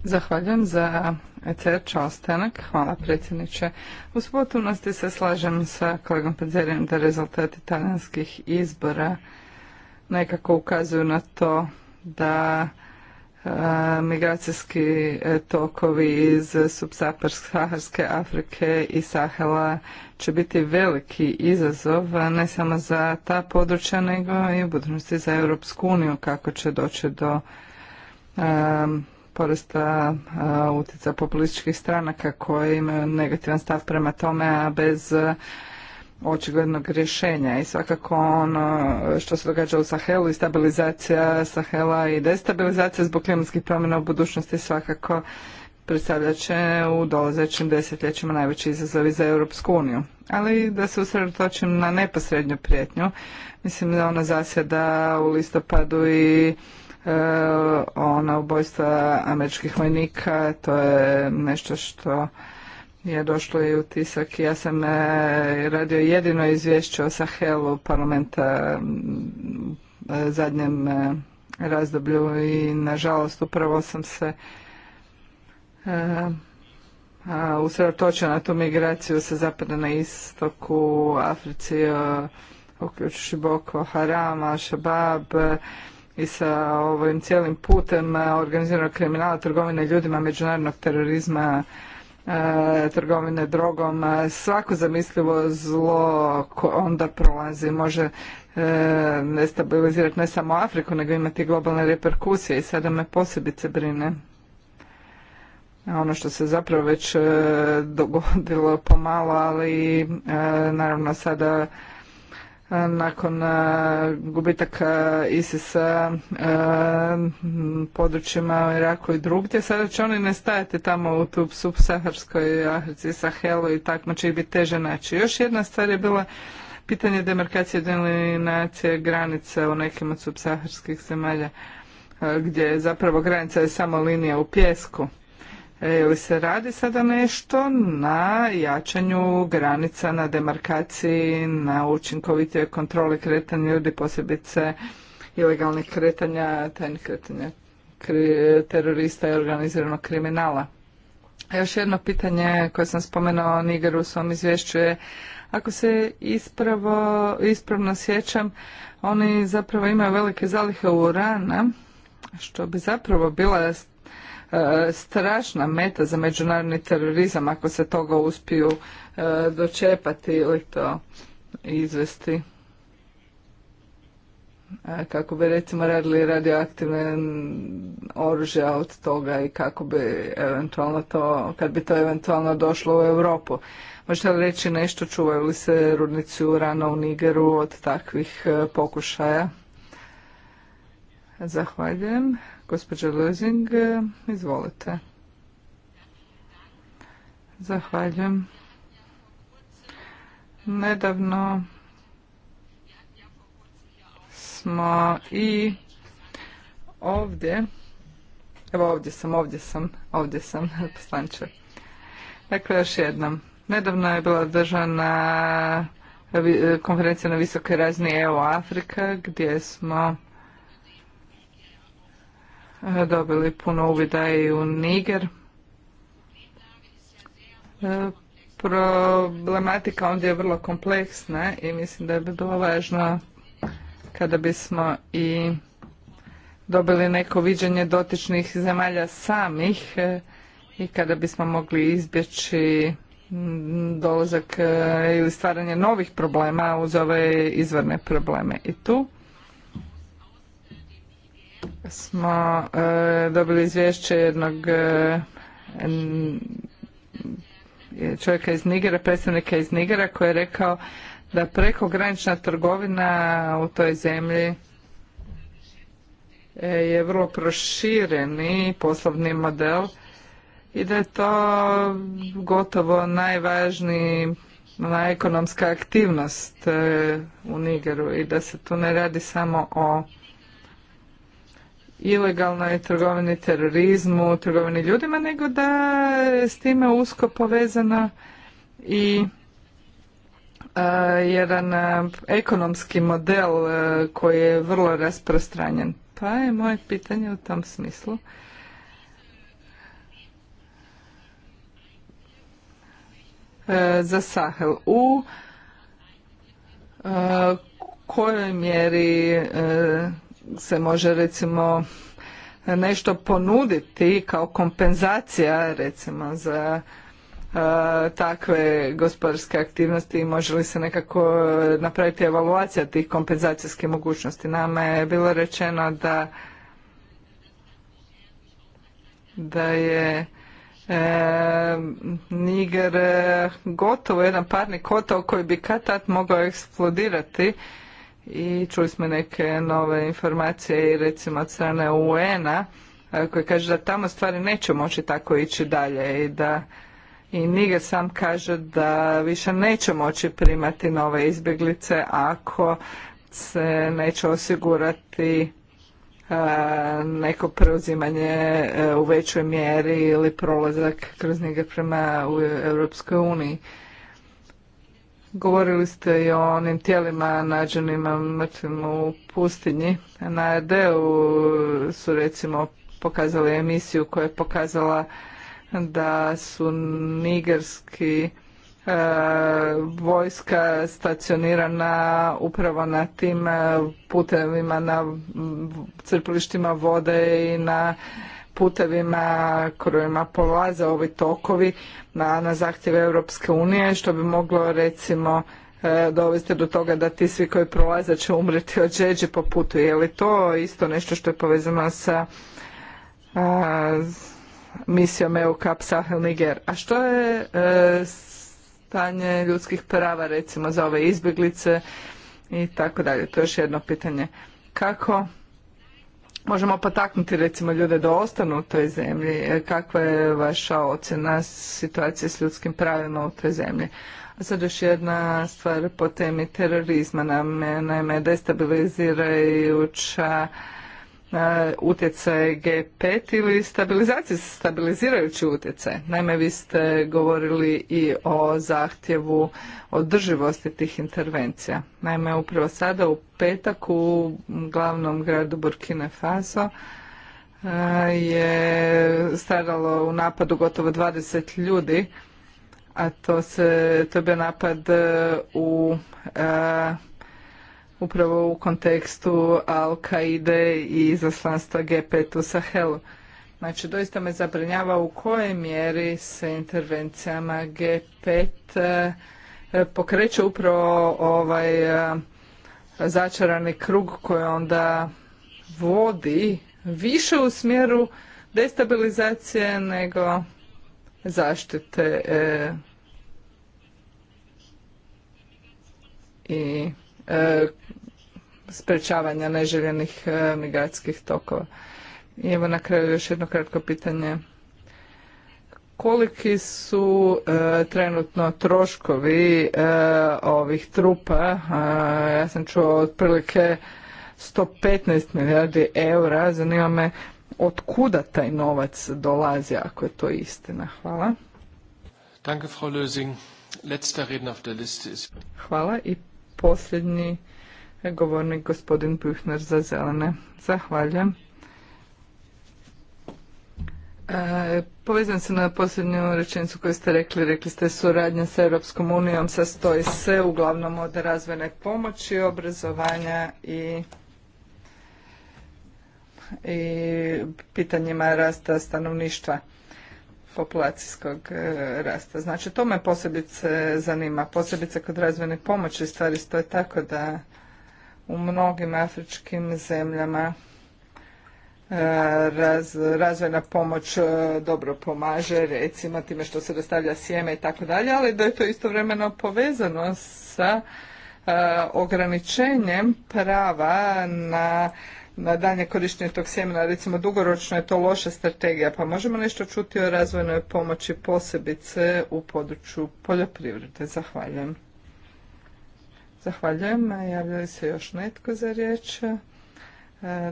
S1: Zahvaljujem za ECR
S2: ostanak. Hvala predsjedniče. U spotovnosti se slažem sa kolegom Pedzerijem da rezultati talijanskih izbora nekako ukazuju na to da migracijski e, tokovi iz subsaharske Afrike i Sahela će biti veliki izazov ne samo za ta područja nego i u budućnosti za Europsku uniju kako će doći do porasta uh, utjeca populističkih stranaka koje imaju negativan stav prema tome, a bez očiglednog rješenja i svakako ono što se događa u Sahelu i stabilizacija Sahela i destabilizacija zbog klimatskih promjena u budućnosti svakako predstavljat će u dolazećim desetljećima najveći izazovi za Europsku uniju. Ali da se usredotočim na neposrednju prijetnju, mislim da ona zasjeda u listopadu i e, ona ubojstva američkih vojnika, to je nešto što je došlo i utisak. Ja sam e, radio jedino izvješće o Sahelu parlamenta e, zadnjem e, razdoblju i nažalost upravo sam se usredotočio na tu migraciju sa zapada na istoku, Africi uključujući Boko Haram, Al-Shabaab i sa ovim cijelim putem organiziranog kriminala, trgovine ljudima, međunarodnog terorizma, E, trgovine drogom, svako zamislivo zlo onda prolazi, može nestabilizirati e, ne samo Afriku, nego imati globalne reperkusije i sada me posebice brine ono što se zapravo već e, dogodilo pomalo, ali naravno sada nakon gubitaka ISIS-a područjima u Iraku i drugdje. Sada će oni ne stajati tamo u tu subsaharskoj Africi, Sahelu i tako će ih biti teže naći. Još jedna stvar je bila pitanje demarkacije nacije granice u nekim od subsaharskih zemalja gdje zapravo granica je samo linija u pjesku. E, li se radi sada nešto na jačanju granica, na demarkaciji, na učinkovitoj kontroli kretanja ljudi, posebice ilegalnih kretanja, tajnih kretanja terorista i organiziranog kriminala. još jedno pitanje koje sam spomenuo Nigeru u svom izvješću je ako se ispravo, ispravno sjećam, oni zapravo imaju velike zalihe urana, što bi zapravo bila E, strašna meta za međunarodni terorizam ako se toga uspiju e, dočepati ili to izvesti e, kako bi recimo radili radioaktivne oružja od toga i kako bi eventualno to, kad bi to eventualno došlo u Europu. Možete li reći nešto, čuvaju li se rudnici urana u Nigeru od takvih pokušaja? Zahvaljujem. Gospođa Lozing, izvolite. Zahvaljujem. Nedavno smo i ovdje, evo ovdje sam, ovdje sam, ovdje sam, poslanče. Dakle, još jednom. Nedavno je bila držana konferencija na visokoj razini EU Afrika gdje smo dobili puno uvida i u Niger. E, problematika ovdje je vrlo kompleksna i mislim da bi bilo važno kada bismo i dobili neko viđenje dotičnih zemalja samih e, i kada bismo mogli izbjeći dolazak e, ili stvaranje novih problema uz ove izvorne probleme. I tu smo e, dobili izvješće jednog e, čovjeka iz Nigera, predstavnika iz Nigera koji je rekao da prekogranična trgovina u toj zemlji e, je vrlo prošireni poslovni model i da je to gotovo najvažniji na ekonomska aktivnost u Nigeru i da se tu ne radi samo o ilegalnoj trgovini terorizmu, trgovini ljudima, nego da je s time usko povezana i e, jedan e, ekonomski model e, koji je vrlo rasprostranjen. Pa je moje pitanje u tom smislu. Za Sahel. U kojoj mjeri se može recimo nešto ponuditi kao kompenzacija recimo za e, takve gospodarske aktivnosti i može li se nekako napraviti evaluacija tih kompenzacijskih mogućnosti. Nama je bilo rečeno da da je e, Niger gotovo jedan parni kotao koji bi kad tad mogao eksplodirati i čuli smo neke nove informacije i recimo od strane UN-a koji kaže da tamo stvari neće moći tako ići dalje i da i Niger sam kaže da više neće moći primati nove izbjeglice ako se neće osigurati neko preuzimanje e, u većoj mjeri ili prolazak kroz njega prema Europskoj uniji. Govorili ste i o onim tijelima nađenima mrtvim u pustinji. Na ed su recimo pokazali emisiju koja je pokazala da su nigerski e, vojska stacionirana upravo na tim e, putevima, na crpilištima vode i na putevima kojima polaze ovi tokovi na, na zahtjeve Europske unije što bi moglo recimo e, dovesti do toga da ti svi koji prolaze će umreti od žeđi po putu. Je li to isto nešto što je povezano sa misijom EU Cup Sahel Niger? A što je e, stanje ljudskih prava recimo za ove izbjeglice i tako dalje? To je još jedno pitanje. Kako možemo potaknuti recimo ljude da ostanu u toj zemlji? E, kakva je vaša ocjena situacije s ljudskim pravima u toj zemlji? A sad još jedna stvar po temi terorizma. Naime, destabilizirajuća utjecaj G5 ili stabilizirajući utjecaj. Naime, vi ste govorili i o zahtjevu održivosti tih intervencija. Naime, upravo sada u petak u glavnom gradu Burkine Faso eh, je stradalo u napadu gotovo 20 ljudi, a to, se, to je bio napad eh, u eh, upravo u kontekstu al qaide i zaslanstva G5 u Sahelu. Znači, doista me zabrinjava u kojoj mjeri se intervencijama G5 eh, pokreće upravo ovaj eh, začarani krug koji onda vodi više u smjeru destabilizacije nego zaštite eh, i E, sprečavanja neželjenih e, migracijskih tokova. I evo na kraju još jedno kratko pitanje. Koliki su e, trenutno troškovi ovih trupa? ja sam čuo otprilike 115 milijardi eura. Zanima me od kuda taj novac dolazi, ako je to istina. Hvala. Hvala i posljednji govornik gospodin Buhner za zelene. Zahvaljujem. E, povezan se na posljednju rečenicu koju ste rekli. Rekli ste suradnja sa Europskom unijom sastoji se uglavnom od razvojne pomoći, obrazovanja i i pitanjima rasta stanovništva populacijskog e, rasta. Znači to me posebice zanima, posebice kod razvojne pomoći stvari stoje tako da u mnogim afričkim zemljama e, raz, razvojna pomoć e, dobro pomaže recimo time što se dostavlja sjeme i tako dalje, ali da je to istovremeno povezano sa ograničenjem prava na na danje korištenje tog sjemena, recimo dugoročno je to loša strategija, pa možemo nešto čuti o razvojnoj pomoći posebice u području poljoprivrede. Zahvaljujem. Zahvaljujem. Javlja li se još netko za riječ? E,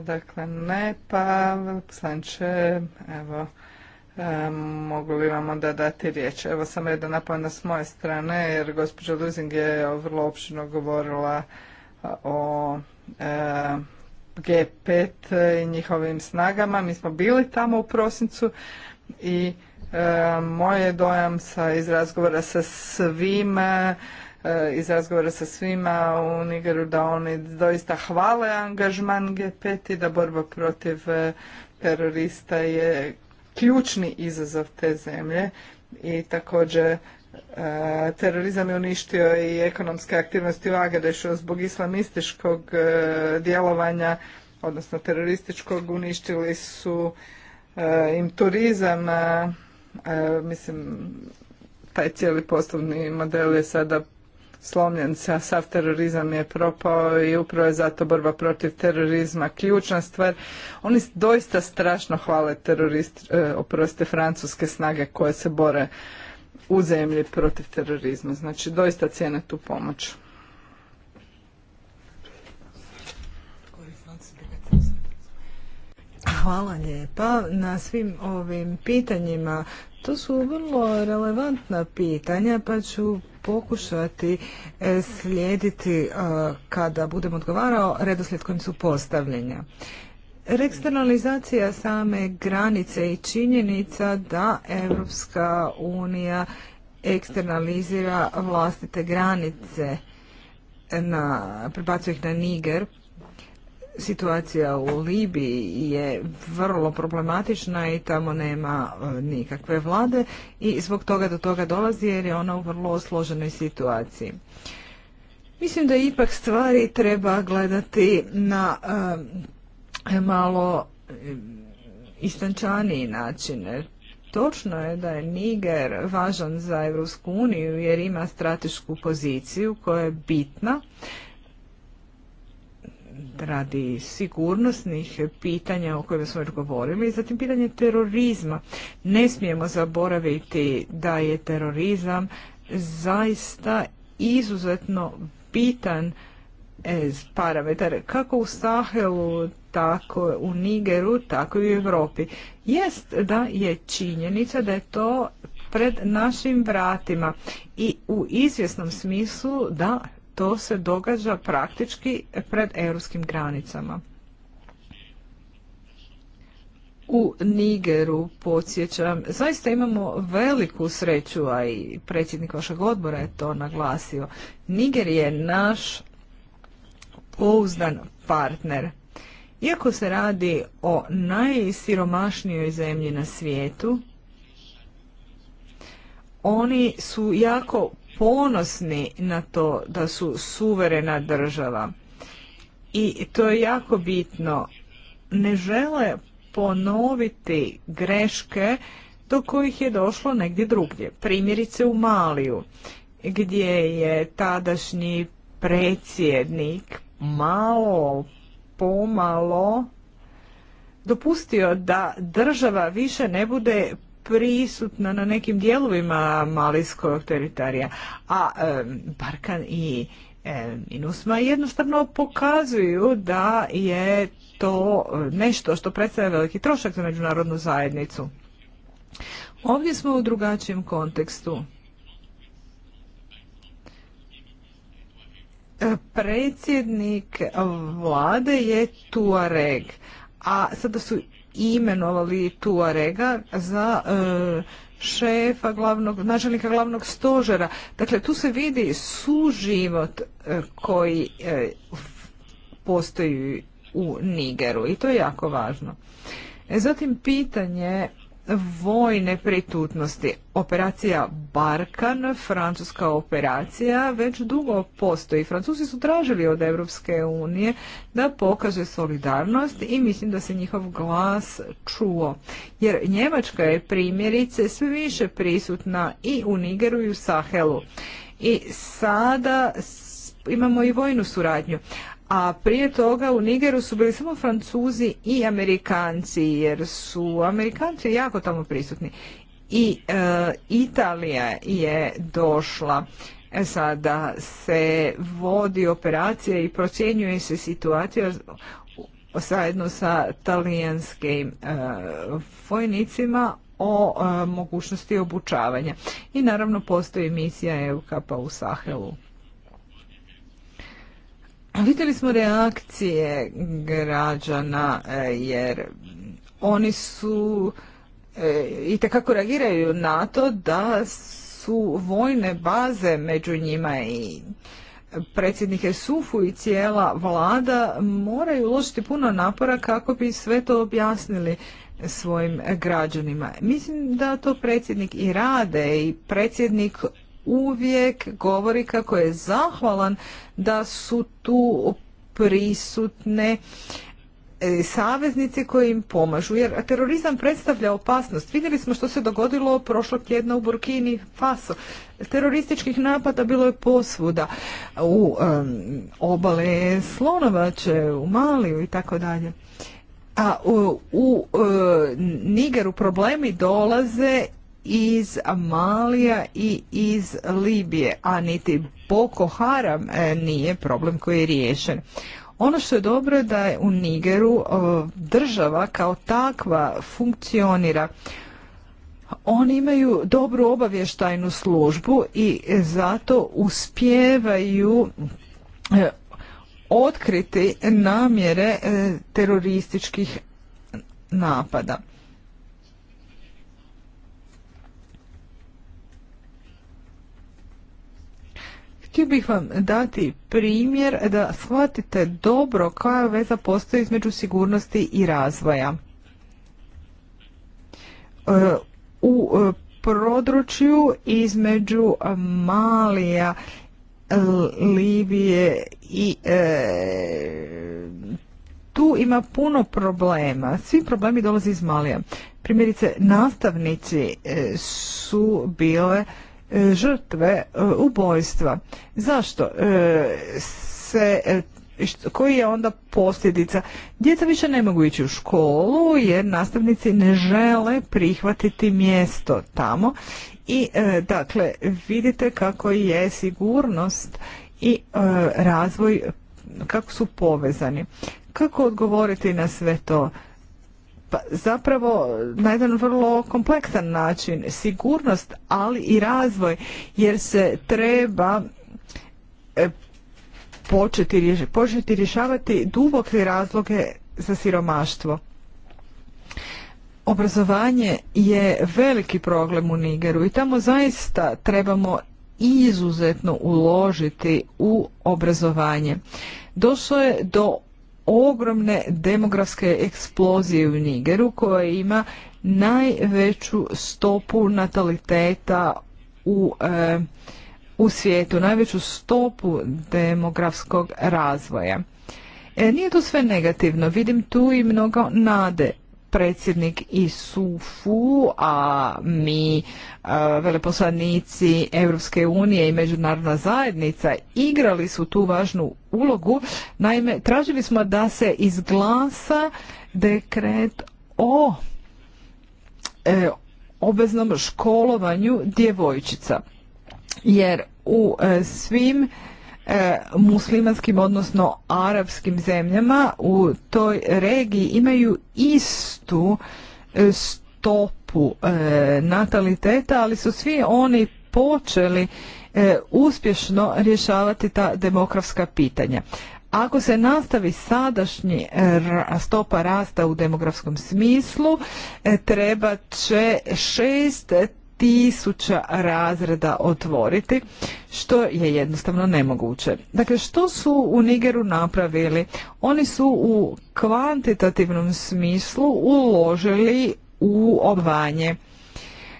S2: dakle, ne, pa slanče, evo, e, mogu li vam onda dati riječ? Evo samo jedna napomena s moje strane, jer gospođa Luzing je vrlo opširno govorila o e, G5 i njihovim snagama. Mi smo bili tamo u prosincu i e, moj je dojam sa, iz razgovora sa svima e, iz razgovora sa svima u Nigeru da oni doista hvale angažman G5 i da borba protiv e, terorista je ključni izazov te zemlje i također E, terorizam je uništio i ekonomske aktivnosti u Agadešu zbog islamističkog e, djelovanja, odnosno terorističkog, uništili su e, im turizam, mislim, taj cijeli poslovni model je sada slomljen, sav terorizam je propao i upravo je zato borba protiv terorizma ključna stvar. Oni doista strašno hvale terorist, oprostite, francuske snage koje se bore u zemlji protiv terorizma. Znači doista cijene tu pomoć.
S1: Hvala lijepa na svim ovim pitanjima. To su vrlo relevantna pitanja pa ću pokušati e, slijediti e, kada budem odgovarao redoslijed kojim su postavljenja. Reksternalizacija same granice i činjenica da Europska unija eksternalizira vlastite granice, na, prebacuje ih na Niger, situacija u Libiji je vrlo problematična i tamo nema e, nikakve vlade i zbog toga do toga dolazi jer je ona u vrlo složenoj situaciji. Mislim da ipak stvari treba gledati na e, malo istančaniji način. Točno je da je Niger važan za Europsku uniju jer ima stratešku poziciju koja je bitna radi sigurnosnih pitanja o kojima smo još govorili, zatim pitanje terorizma. Ne smijemo zaboraviti da je terorizam zaista izuzetno bitan eh, parametar kako u Sahelu, tako u Nigeru, tako i u Europi. Jest da je činjenica da je to pred našim vratima i u izvjesnom smislu da to se događa praktički pred europskim granicama. U Nigeru, podsjećam, zaista imamo veliku sreću, a i predsjednik vašeg odbora je to naglasio. Niger je naš pouzdan partner iako se radi o najsiromašnijoj zemlji na svijetu, oni su jako ponosni na to da su suverena država. I to je jako bitno. Ne žele ponoviti greške do kojih je došlo negdje drugdje. Primjerice u Maliju, gdje je tadašnji predsjednik malo pomalo dopustio da država više ne bude prisutna na nekim dijelovima malijskog teritorija, a e, Barkan i Minusma jednostavno pokazuju da je to nešto što predstavlja veliki trošak za međunarodnu zajednicu. Ovdje smo u drugačijem kontekstu. Predsjednik vlade je Tuareg, a sada su imenovali Tuarega za e, šefa glavnog, načelnika glavnog stožera. Dakle, tu se vidi suživot e, koji e, postoji u Nigeru i to je jako važno. Zatim pitanje vojne pritutnosti. Operacija Barkan, francuska operacija, već dugo postoji. Francusi su tražili od Europske unije da pokaže solidarnost i mislim da se njihov glas čuo. Jer Njemačka je primjerice sve više prisutna i u Nigeru i u Sahelu. I sada imamo i vojnu suradnju a prije toga u Nigeru su bili samo Francuzi i Amerikanci, jer su Amerikanci jako tamo prisutni. I e, Italija je došla e, sada se vodi operacija i procjenjuje se situacija zajedno sa talijanskim e, vojnicima o mogućnosti obučavanja. I naravno postoji misija EUKAPA u Sahelu. Vidjeli smo reakcije građana e, jer oni su e, i tekako reagiraju na to da su vojne baze među njima i predsjednike Sufu i cijela vlada moraju uložiti puno napora kako bi sve to objasnili svojim građanima. Mislim da to predsjednik i rade i predsjednik uvijek govori kako je zahvalan da su tu prisutne e, saveznici koji im pomažu, jer terorizam predstavlja opasnost. Vidjeli smo što se dogodilo prošlog tjedna u Burkini Faso. Terorističkih napada bilo je posvuda u obale Slonovače, u Maliju i tako dalje. A u, u e, Nigeru problemi dolaze iz Amalija i iz Libije, a niti Boko Haram e, nije problem koji je riješen. Ono što je dobro je da je u Nigeru e, država kao takva funkcionira. Oni imaju dobru obavještajnu službu i zato uspijevaju e, otkriti namjere terorističkih napada. Htio bih vam dati primjer da shvatite dobro koja veza postoji između sigurnosti i razvoja. E, u e, području između e, Malija, Libije i tu ima puno problema. Svi problemi dolaze iz Malija. Primjerice, nastavnici su bile E, žrtve e, ubojstva. Zašto e, se koji je onda posljedica? Djeca više ne mogu ići u školu jer nastavnici ne žele prihvatiti mjesto tamo i dakle vidite kako je sigurnost i razvoj kako su povezani. Kako odgovoriti na sve to? pa zapravo na jedan vrlo kompleksan način sigurnost, ali i razvoj jer se treba e, početi, početi rješavati duboke razloge za siromaštvo. Obrazovanje je veliki problem u Nigeru i tamo zaista trebamo izuzetno uložiti u obrazovanje. Došlo je do ogromne demografske eksplozije u Nigeru koja ima najveću stopu nataliteta u, eh, u svijetu, najveću stopu demografskog razvoja. E, nije to sve negativno, vidim tu i mnogo nade predsjednik ISUFU, a mi veleposlanici Europske unije i međunarodna zajednica igrali su tu važnu ulogu. Naime, tražili smo da se izglasa dekret o e, obveznom školovanju djevojčica. Jer u e, svim E, muslimanskim, odnosno arapskim zemljama u toj regiji imaju istu e, stopu e, nataliteta, ali su svi oni počeli uspješno rješavati ta demografska pitanja. Ako se nastavi sadašnji stopa rasta u demografskom smislu, treba će šest tisuća razreda otvoriti, što je jednostavno nemoguće. Dakle, što su u Nigeru napravili? Oni su u kvantitativnom smislu uložili u obvanje.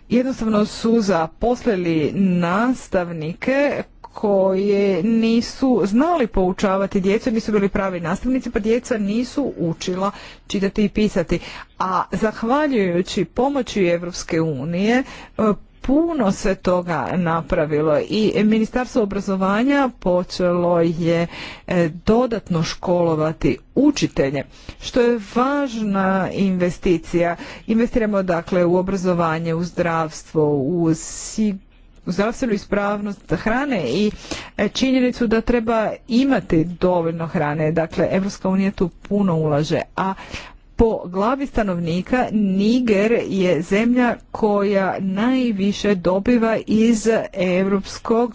S1: Jednostavno su zaposlili nastavnike koje nisu znali poučavati djecu, nisu bili pravi nastavnici, pa djeca nisu učila čitati i pisati. A zahvaljujući pomoći Europske unije, e, puno se toga napravilo i Ministarstvo obrazovanja počelo je e, dodatno školovati učitelje, što je važna investicija. Investiramo dakle u obrazovanje, u zdravstvo, u sigurnost zdravstvenu ispravnost hrane i e, činjenicu da treba imati dovoljno hrane. Dakle, Evropska unija tu puno ulaže, a po glavi stanovnika Niger je zemlja koja najviše dobiva iz Europskog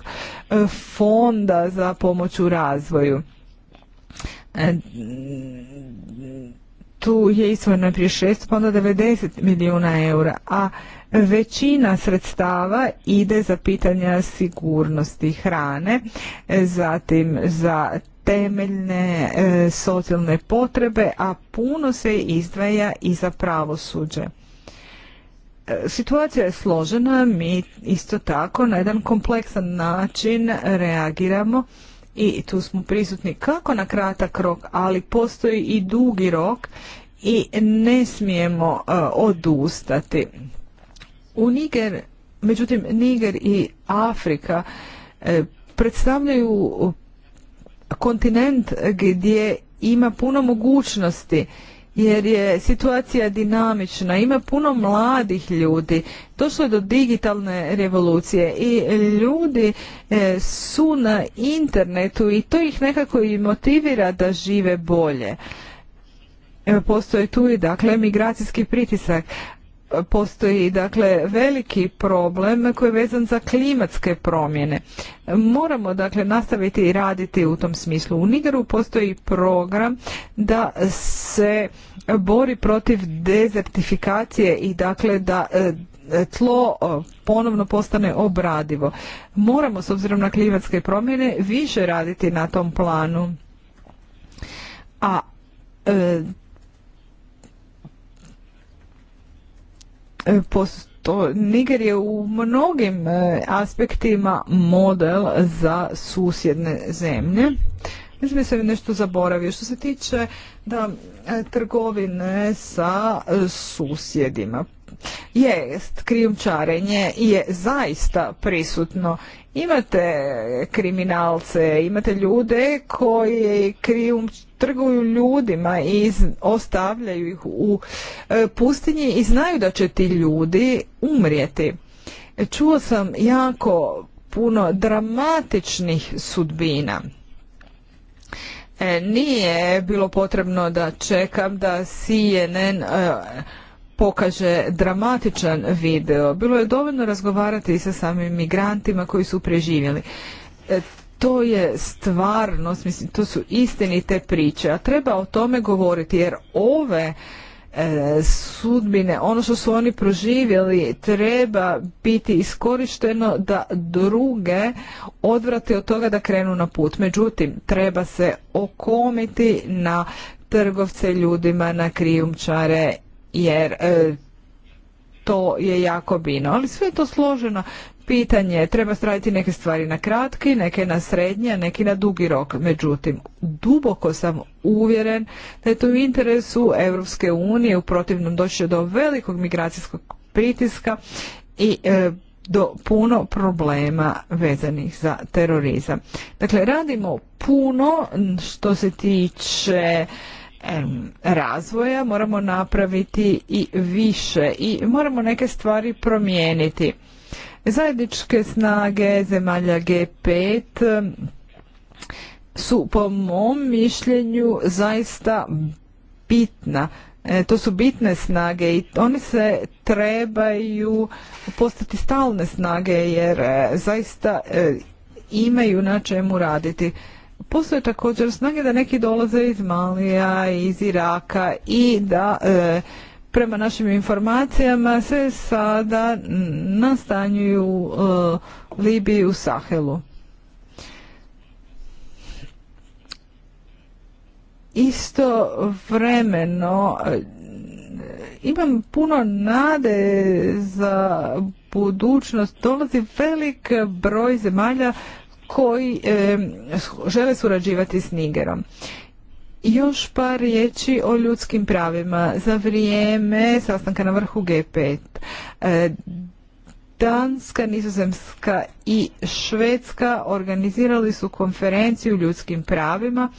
S1: e, fonda za pomoć u razvoju. E, tu je isto prije 6 pa milijuna eura, a Većina sredstava ide za pitanja sigurnosti hrane, zatim za temeljne e, socijalne potrebe, a puno se izdvaja i za pravosuđe. E, situacija je složena, mi isto tako na jedan kompleksan način reagiramo i tu smo prisutni kako na kratak rok, ali postoji i dugi rok i ne smijemo e, odustati. U Niger, međutim, Niger i Afrika e, predstavljaju kontinent gdje ima puno mogućnosti jer je situacija dinamična, ima puno mladih ljudi, došlo je do digitalne revolucije i ljudi e, su na internetu i to ih nekako i motivira da žive bolje. Postoji postoje tu i dakle migracijski pritisak, postoji dakle veliki problem koji je vezan za klimatske promjene. Moramo dakle nastaviti i raditi u tom smislu. U Nigeru postoji program da se bori protiv dezertifikacije i dakle da e, tlo e, ponovno postane obradivo. Moramo s obzirom na klimatske promjene više raditi na tom planu. A e, E, posto, Niger je u mnogim e, aspektima model za susjedne zemlje. Mislim da sam nešto zaboravio. Što se tiče da, e, trgovine sa susjedima, Jest, krijumčarenje je zaista prisutno. Imate kriminalce, imate ljude koji krijum, trguju ljudima i ostavljaju ih u e, pustinji i znaju da će ti ljudi umrijeti. Čuo sam jako puno dramatičnih sudbina. E, nije bilo potrebno da čekam da CNN pokaže dramatičan video. Bilo je dovoljno razgovarati i sa samim migrantima koji su preživjeli. E, to je stvarnost, mislim, to su istinite priče, a treba o tome govoriti jer ove e, sudbine, ono što su oni proživjeli treba biti iskorišteno da druge odvrate od toga da krenu na put. Međutim, treba se okomiti na trgovce ljudima, na krijumčare jer e, to je jako bino. Ali sve je to složeno pitanje. Treba straditi neke stvari na kratki, neke na srednje, a neki na dugi rok. Međutim, duboko sam uvjeren da je to u interesu Europske unije. U protivnom doći do velikog migracijskog pritiska i e, do puno problema vezanih za terorizam. Dakle, radimo puno što se tiče razvoja moramo napraviti i više i moramo neke stvari promijeniti. Zajedničke snage zemalja G5 su po mom mišljenju zaista bitna. E, to su bitne snage i oni se trebaju postati stalne snage jer e, zaista e, imaju na čemu raditi. Postoje također snage da neki dolaze iz Malija, iz Iraka i da e, prema našim informacijama se sada nastanjuju u e, Libiji u Sahelu. Isto vremeno e, imam puno nade za budućnost. Dolazi velik broj zemalja koji žele surađivati s Nigerom. Još par riječi o ljudskim pravima. Za vrijeme sastanka na vrhu G5 eh, Danska, Nizozemska i Švedska organizirali su konferenciju o ljudskim pravima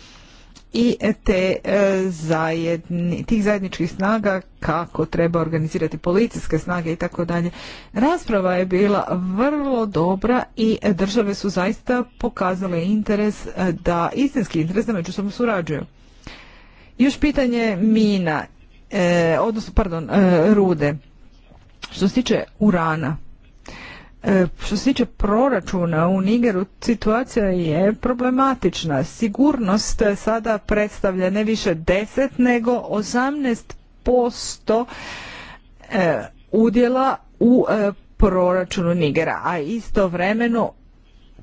S1: i te e, zajedni, tih zajedničkih snaga kako treba organizirati policijske snage i tako dalje. Rasprava je bila vrlo dobra i države su zaista pokazale interes e, da istinski interes da međusobno surađuju. Još pitanje mina, e, odnosno pardon, e, rude. Što se tiče urana, E, što se tiče proračuna u Nigeru, situacija je problematična. Sigurnost sada predstavlja ne više 10 nego 18% e, udjela u e, proračunu Nigera, a istovremeno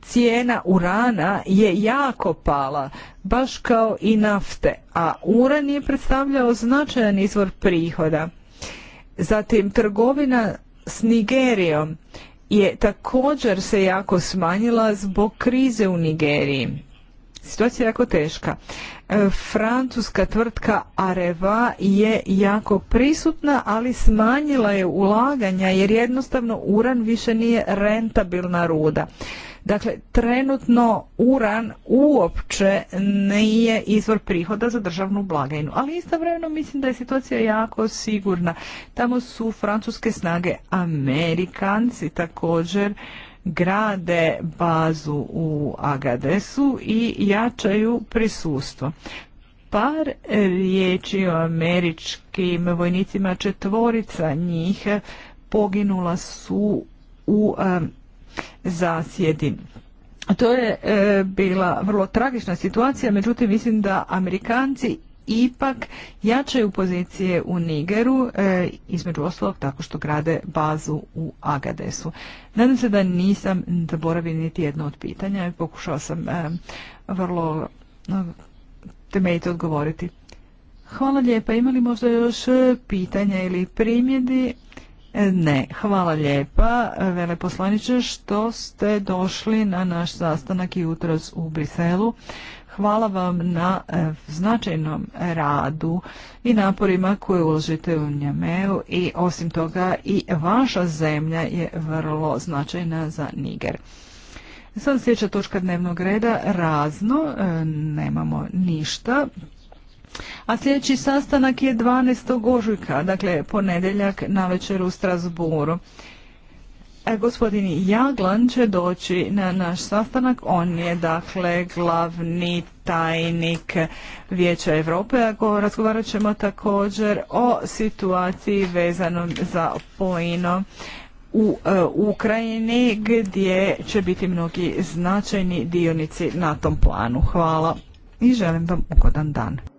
S1: cijena urana je jako pala, baš kao i nafte, a uran je predstavljao značajan izvor prihoda. Zatim trgovina s Nigerijom je također se jako smanjila zbog krize u Nigeriji. Situacija je jako teška. E, francuska tvrtka Areva je jako prisutna, ali smanjila je ulaganja jer jednostavno uran više nije rentabilna ruda. Dakle, trenutno uran uopće nije izvor prihoda za državnu blagajnu, ali istovremeno mislim da je situacija jako sigurna. Tamo su francuske snage, Amerikanci također grade bazu u Agadesu i jačaju prisustvo par riječi o američkim vojnicima, četvorica njih poginula su u zasjedi. To je e, bila vrlo tragična situacija, međutim mislim da Amerikanci ipak jačaju pozicije u Nigeru, e, između ostalog tako što grade bazu u Agadesu. Nadam se da nisam zaboravio niti jedno od pitanja i pokušao sam e, vrlo e, temeljito odgovoriti. Hvala lijepa. Imali možda još pitanja ili primjedi? Ne, hvala lijepa veleposlaniče što ste došli na naš sastanak jutros u Briselu. Hvala vam na e, značajnom radu i naporima koje uložite u Njameu i osim toga i vaša zemlja je vrlo značajna za Niger. Sad sljedeća točka dnevnog reda, razno, e, nemamo ništa, a sljedeći sastanak je 12. ožujka, dakle ponedjeljak na večer u Strasburu. E, gospodin Jaglan će doći na naš sastanak, on je dakle glavni tajnik Vijeća Europe, a razgovarat ćemo također o situaciji vezanom za pojino e, u Ukrajini gdje će biti mnogi značajni dionici na tom planu. Hvala i želim vam ugodan dan.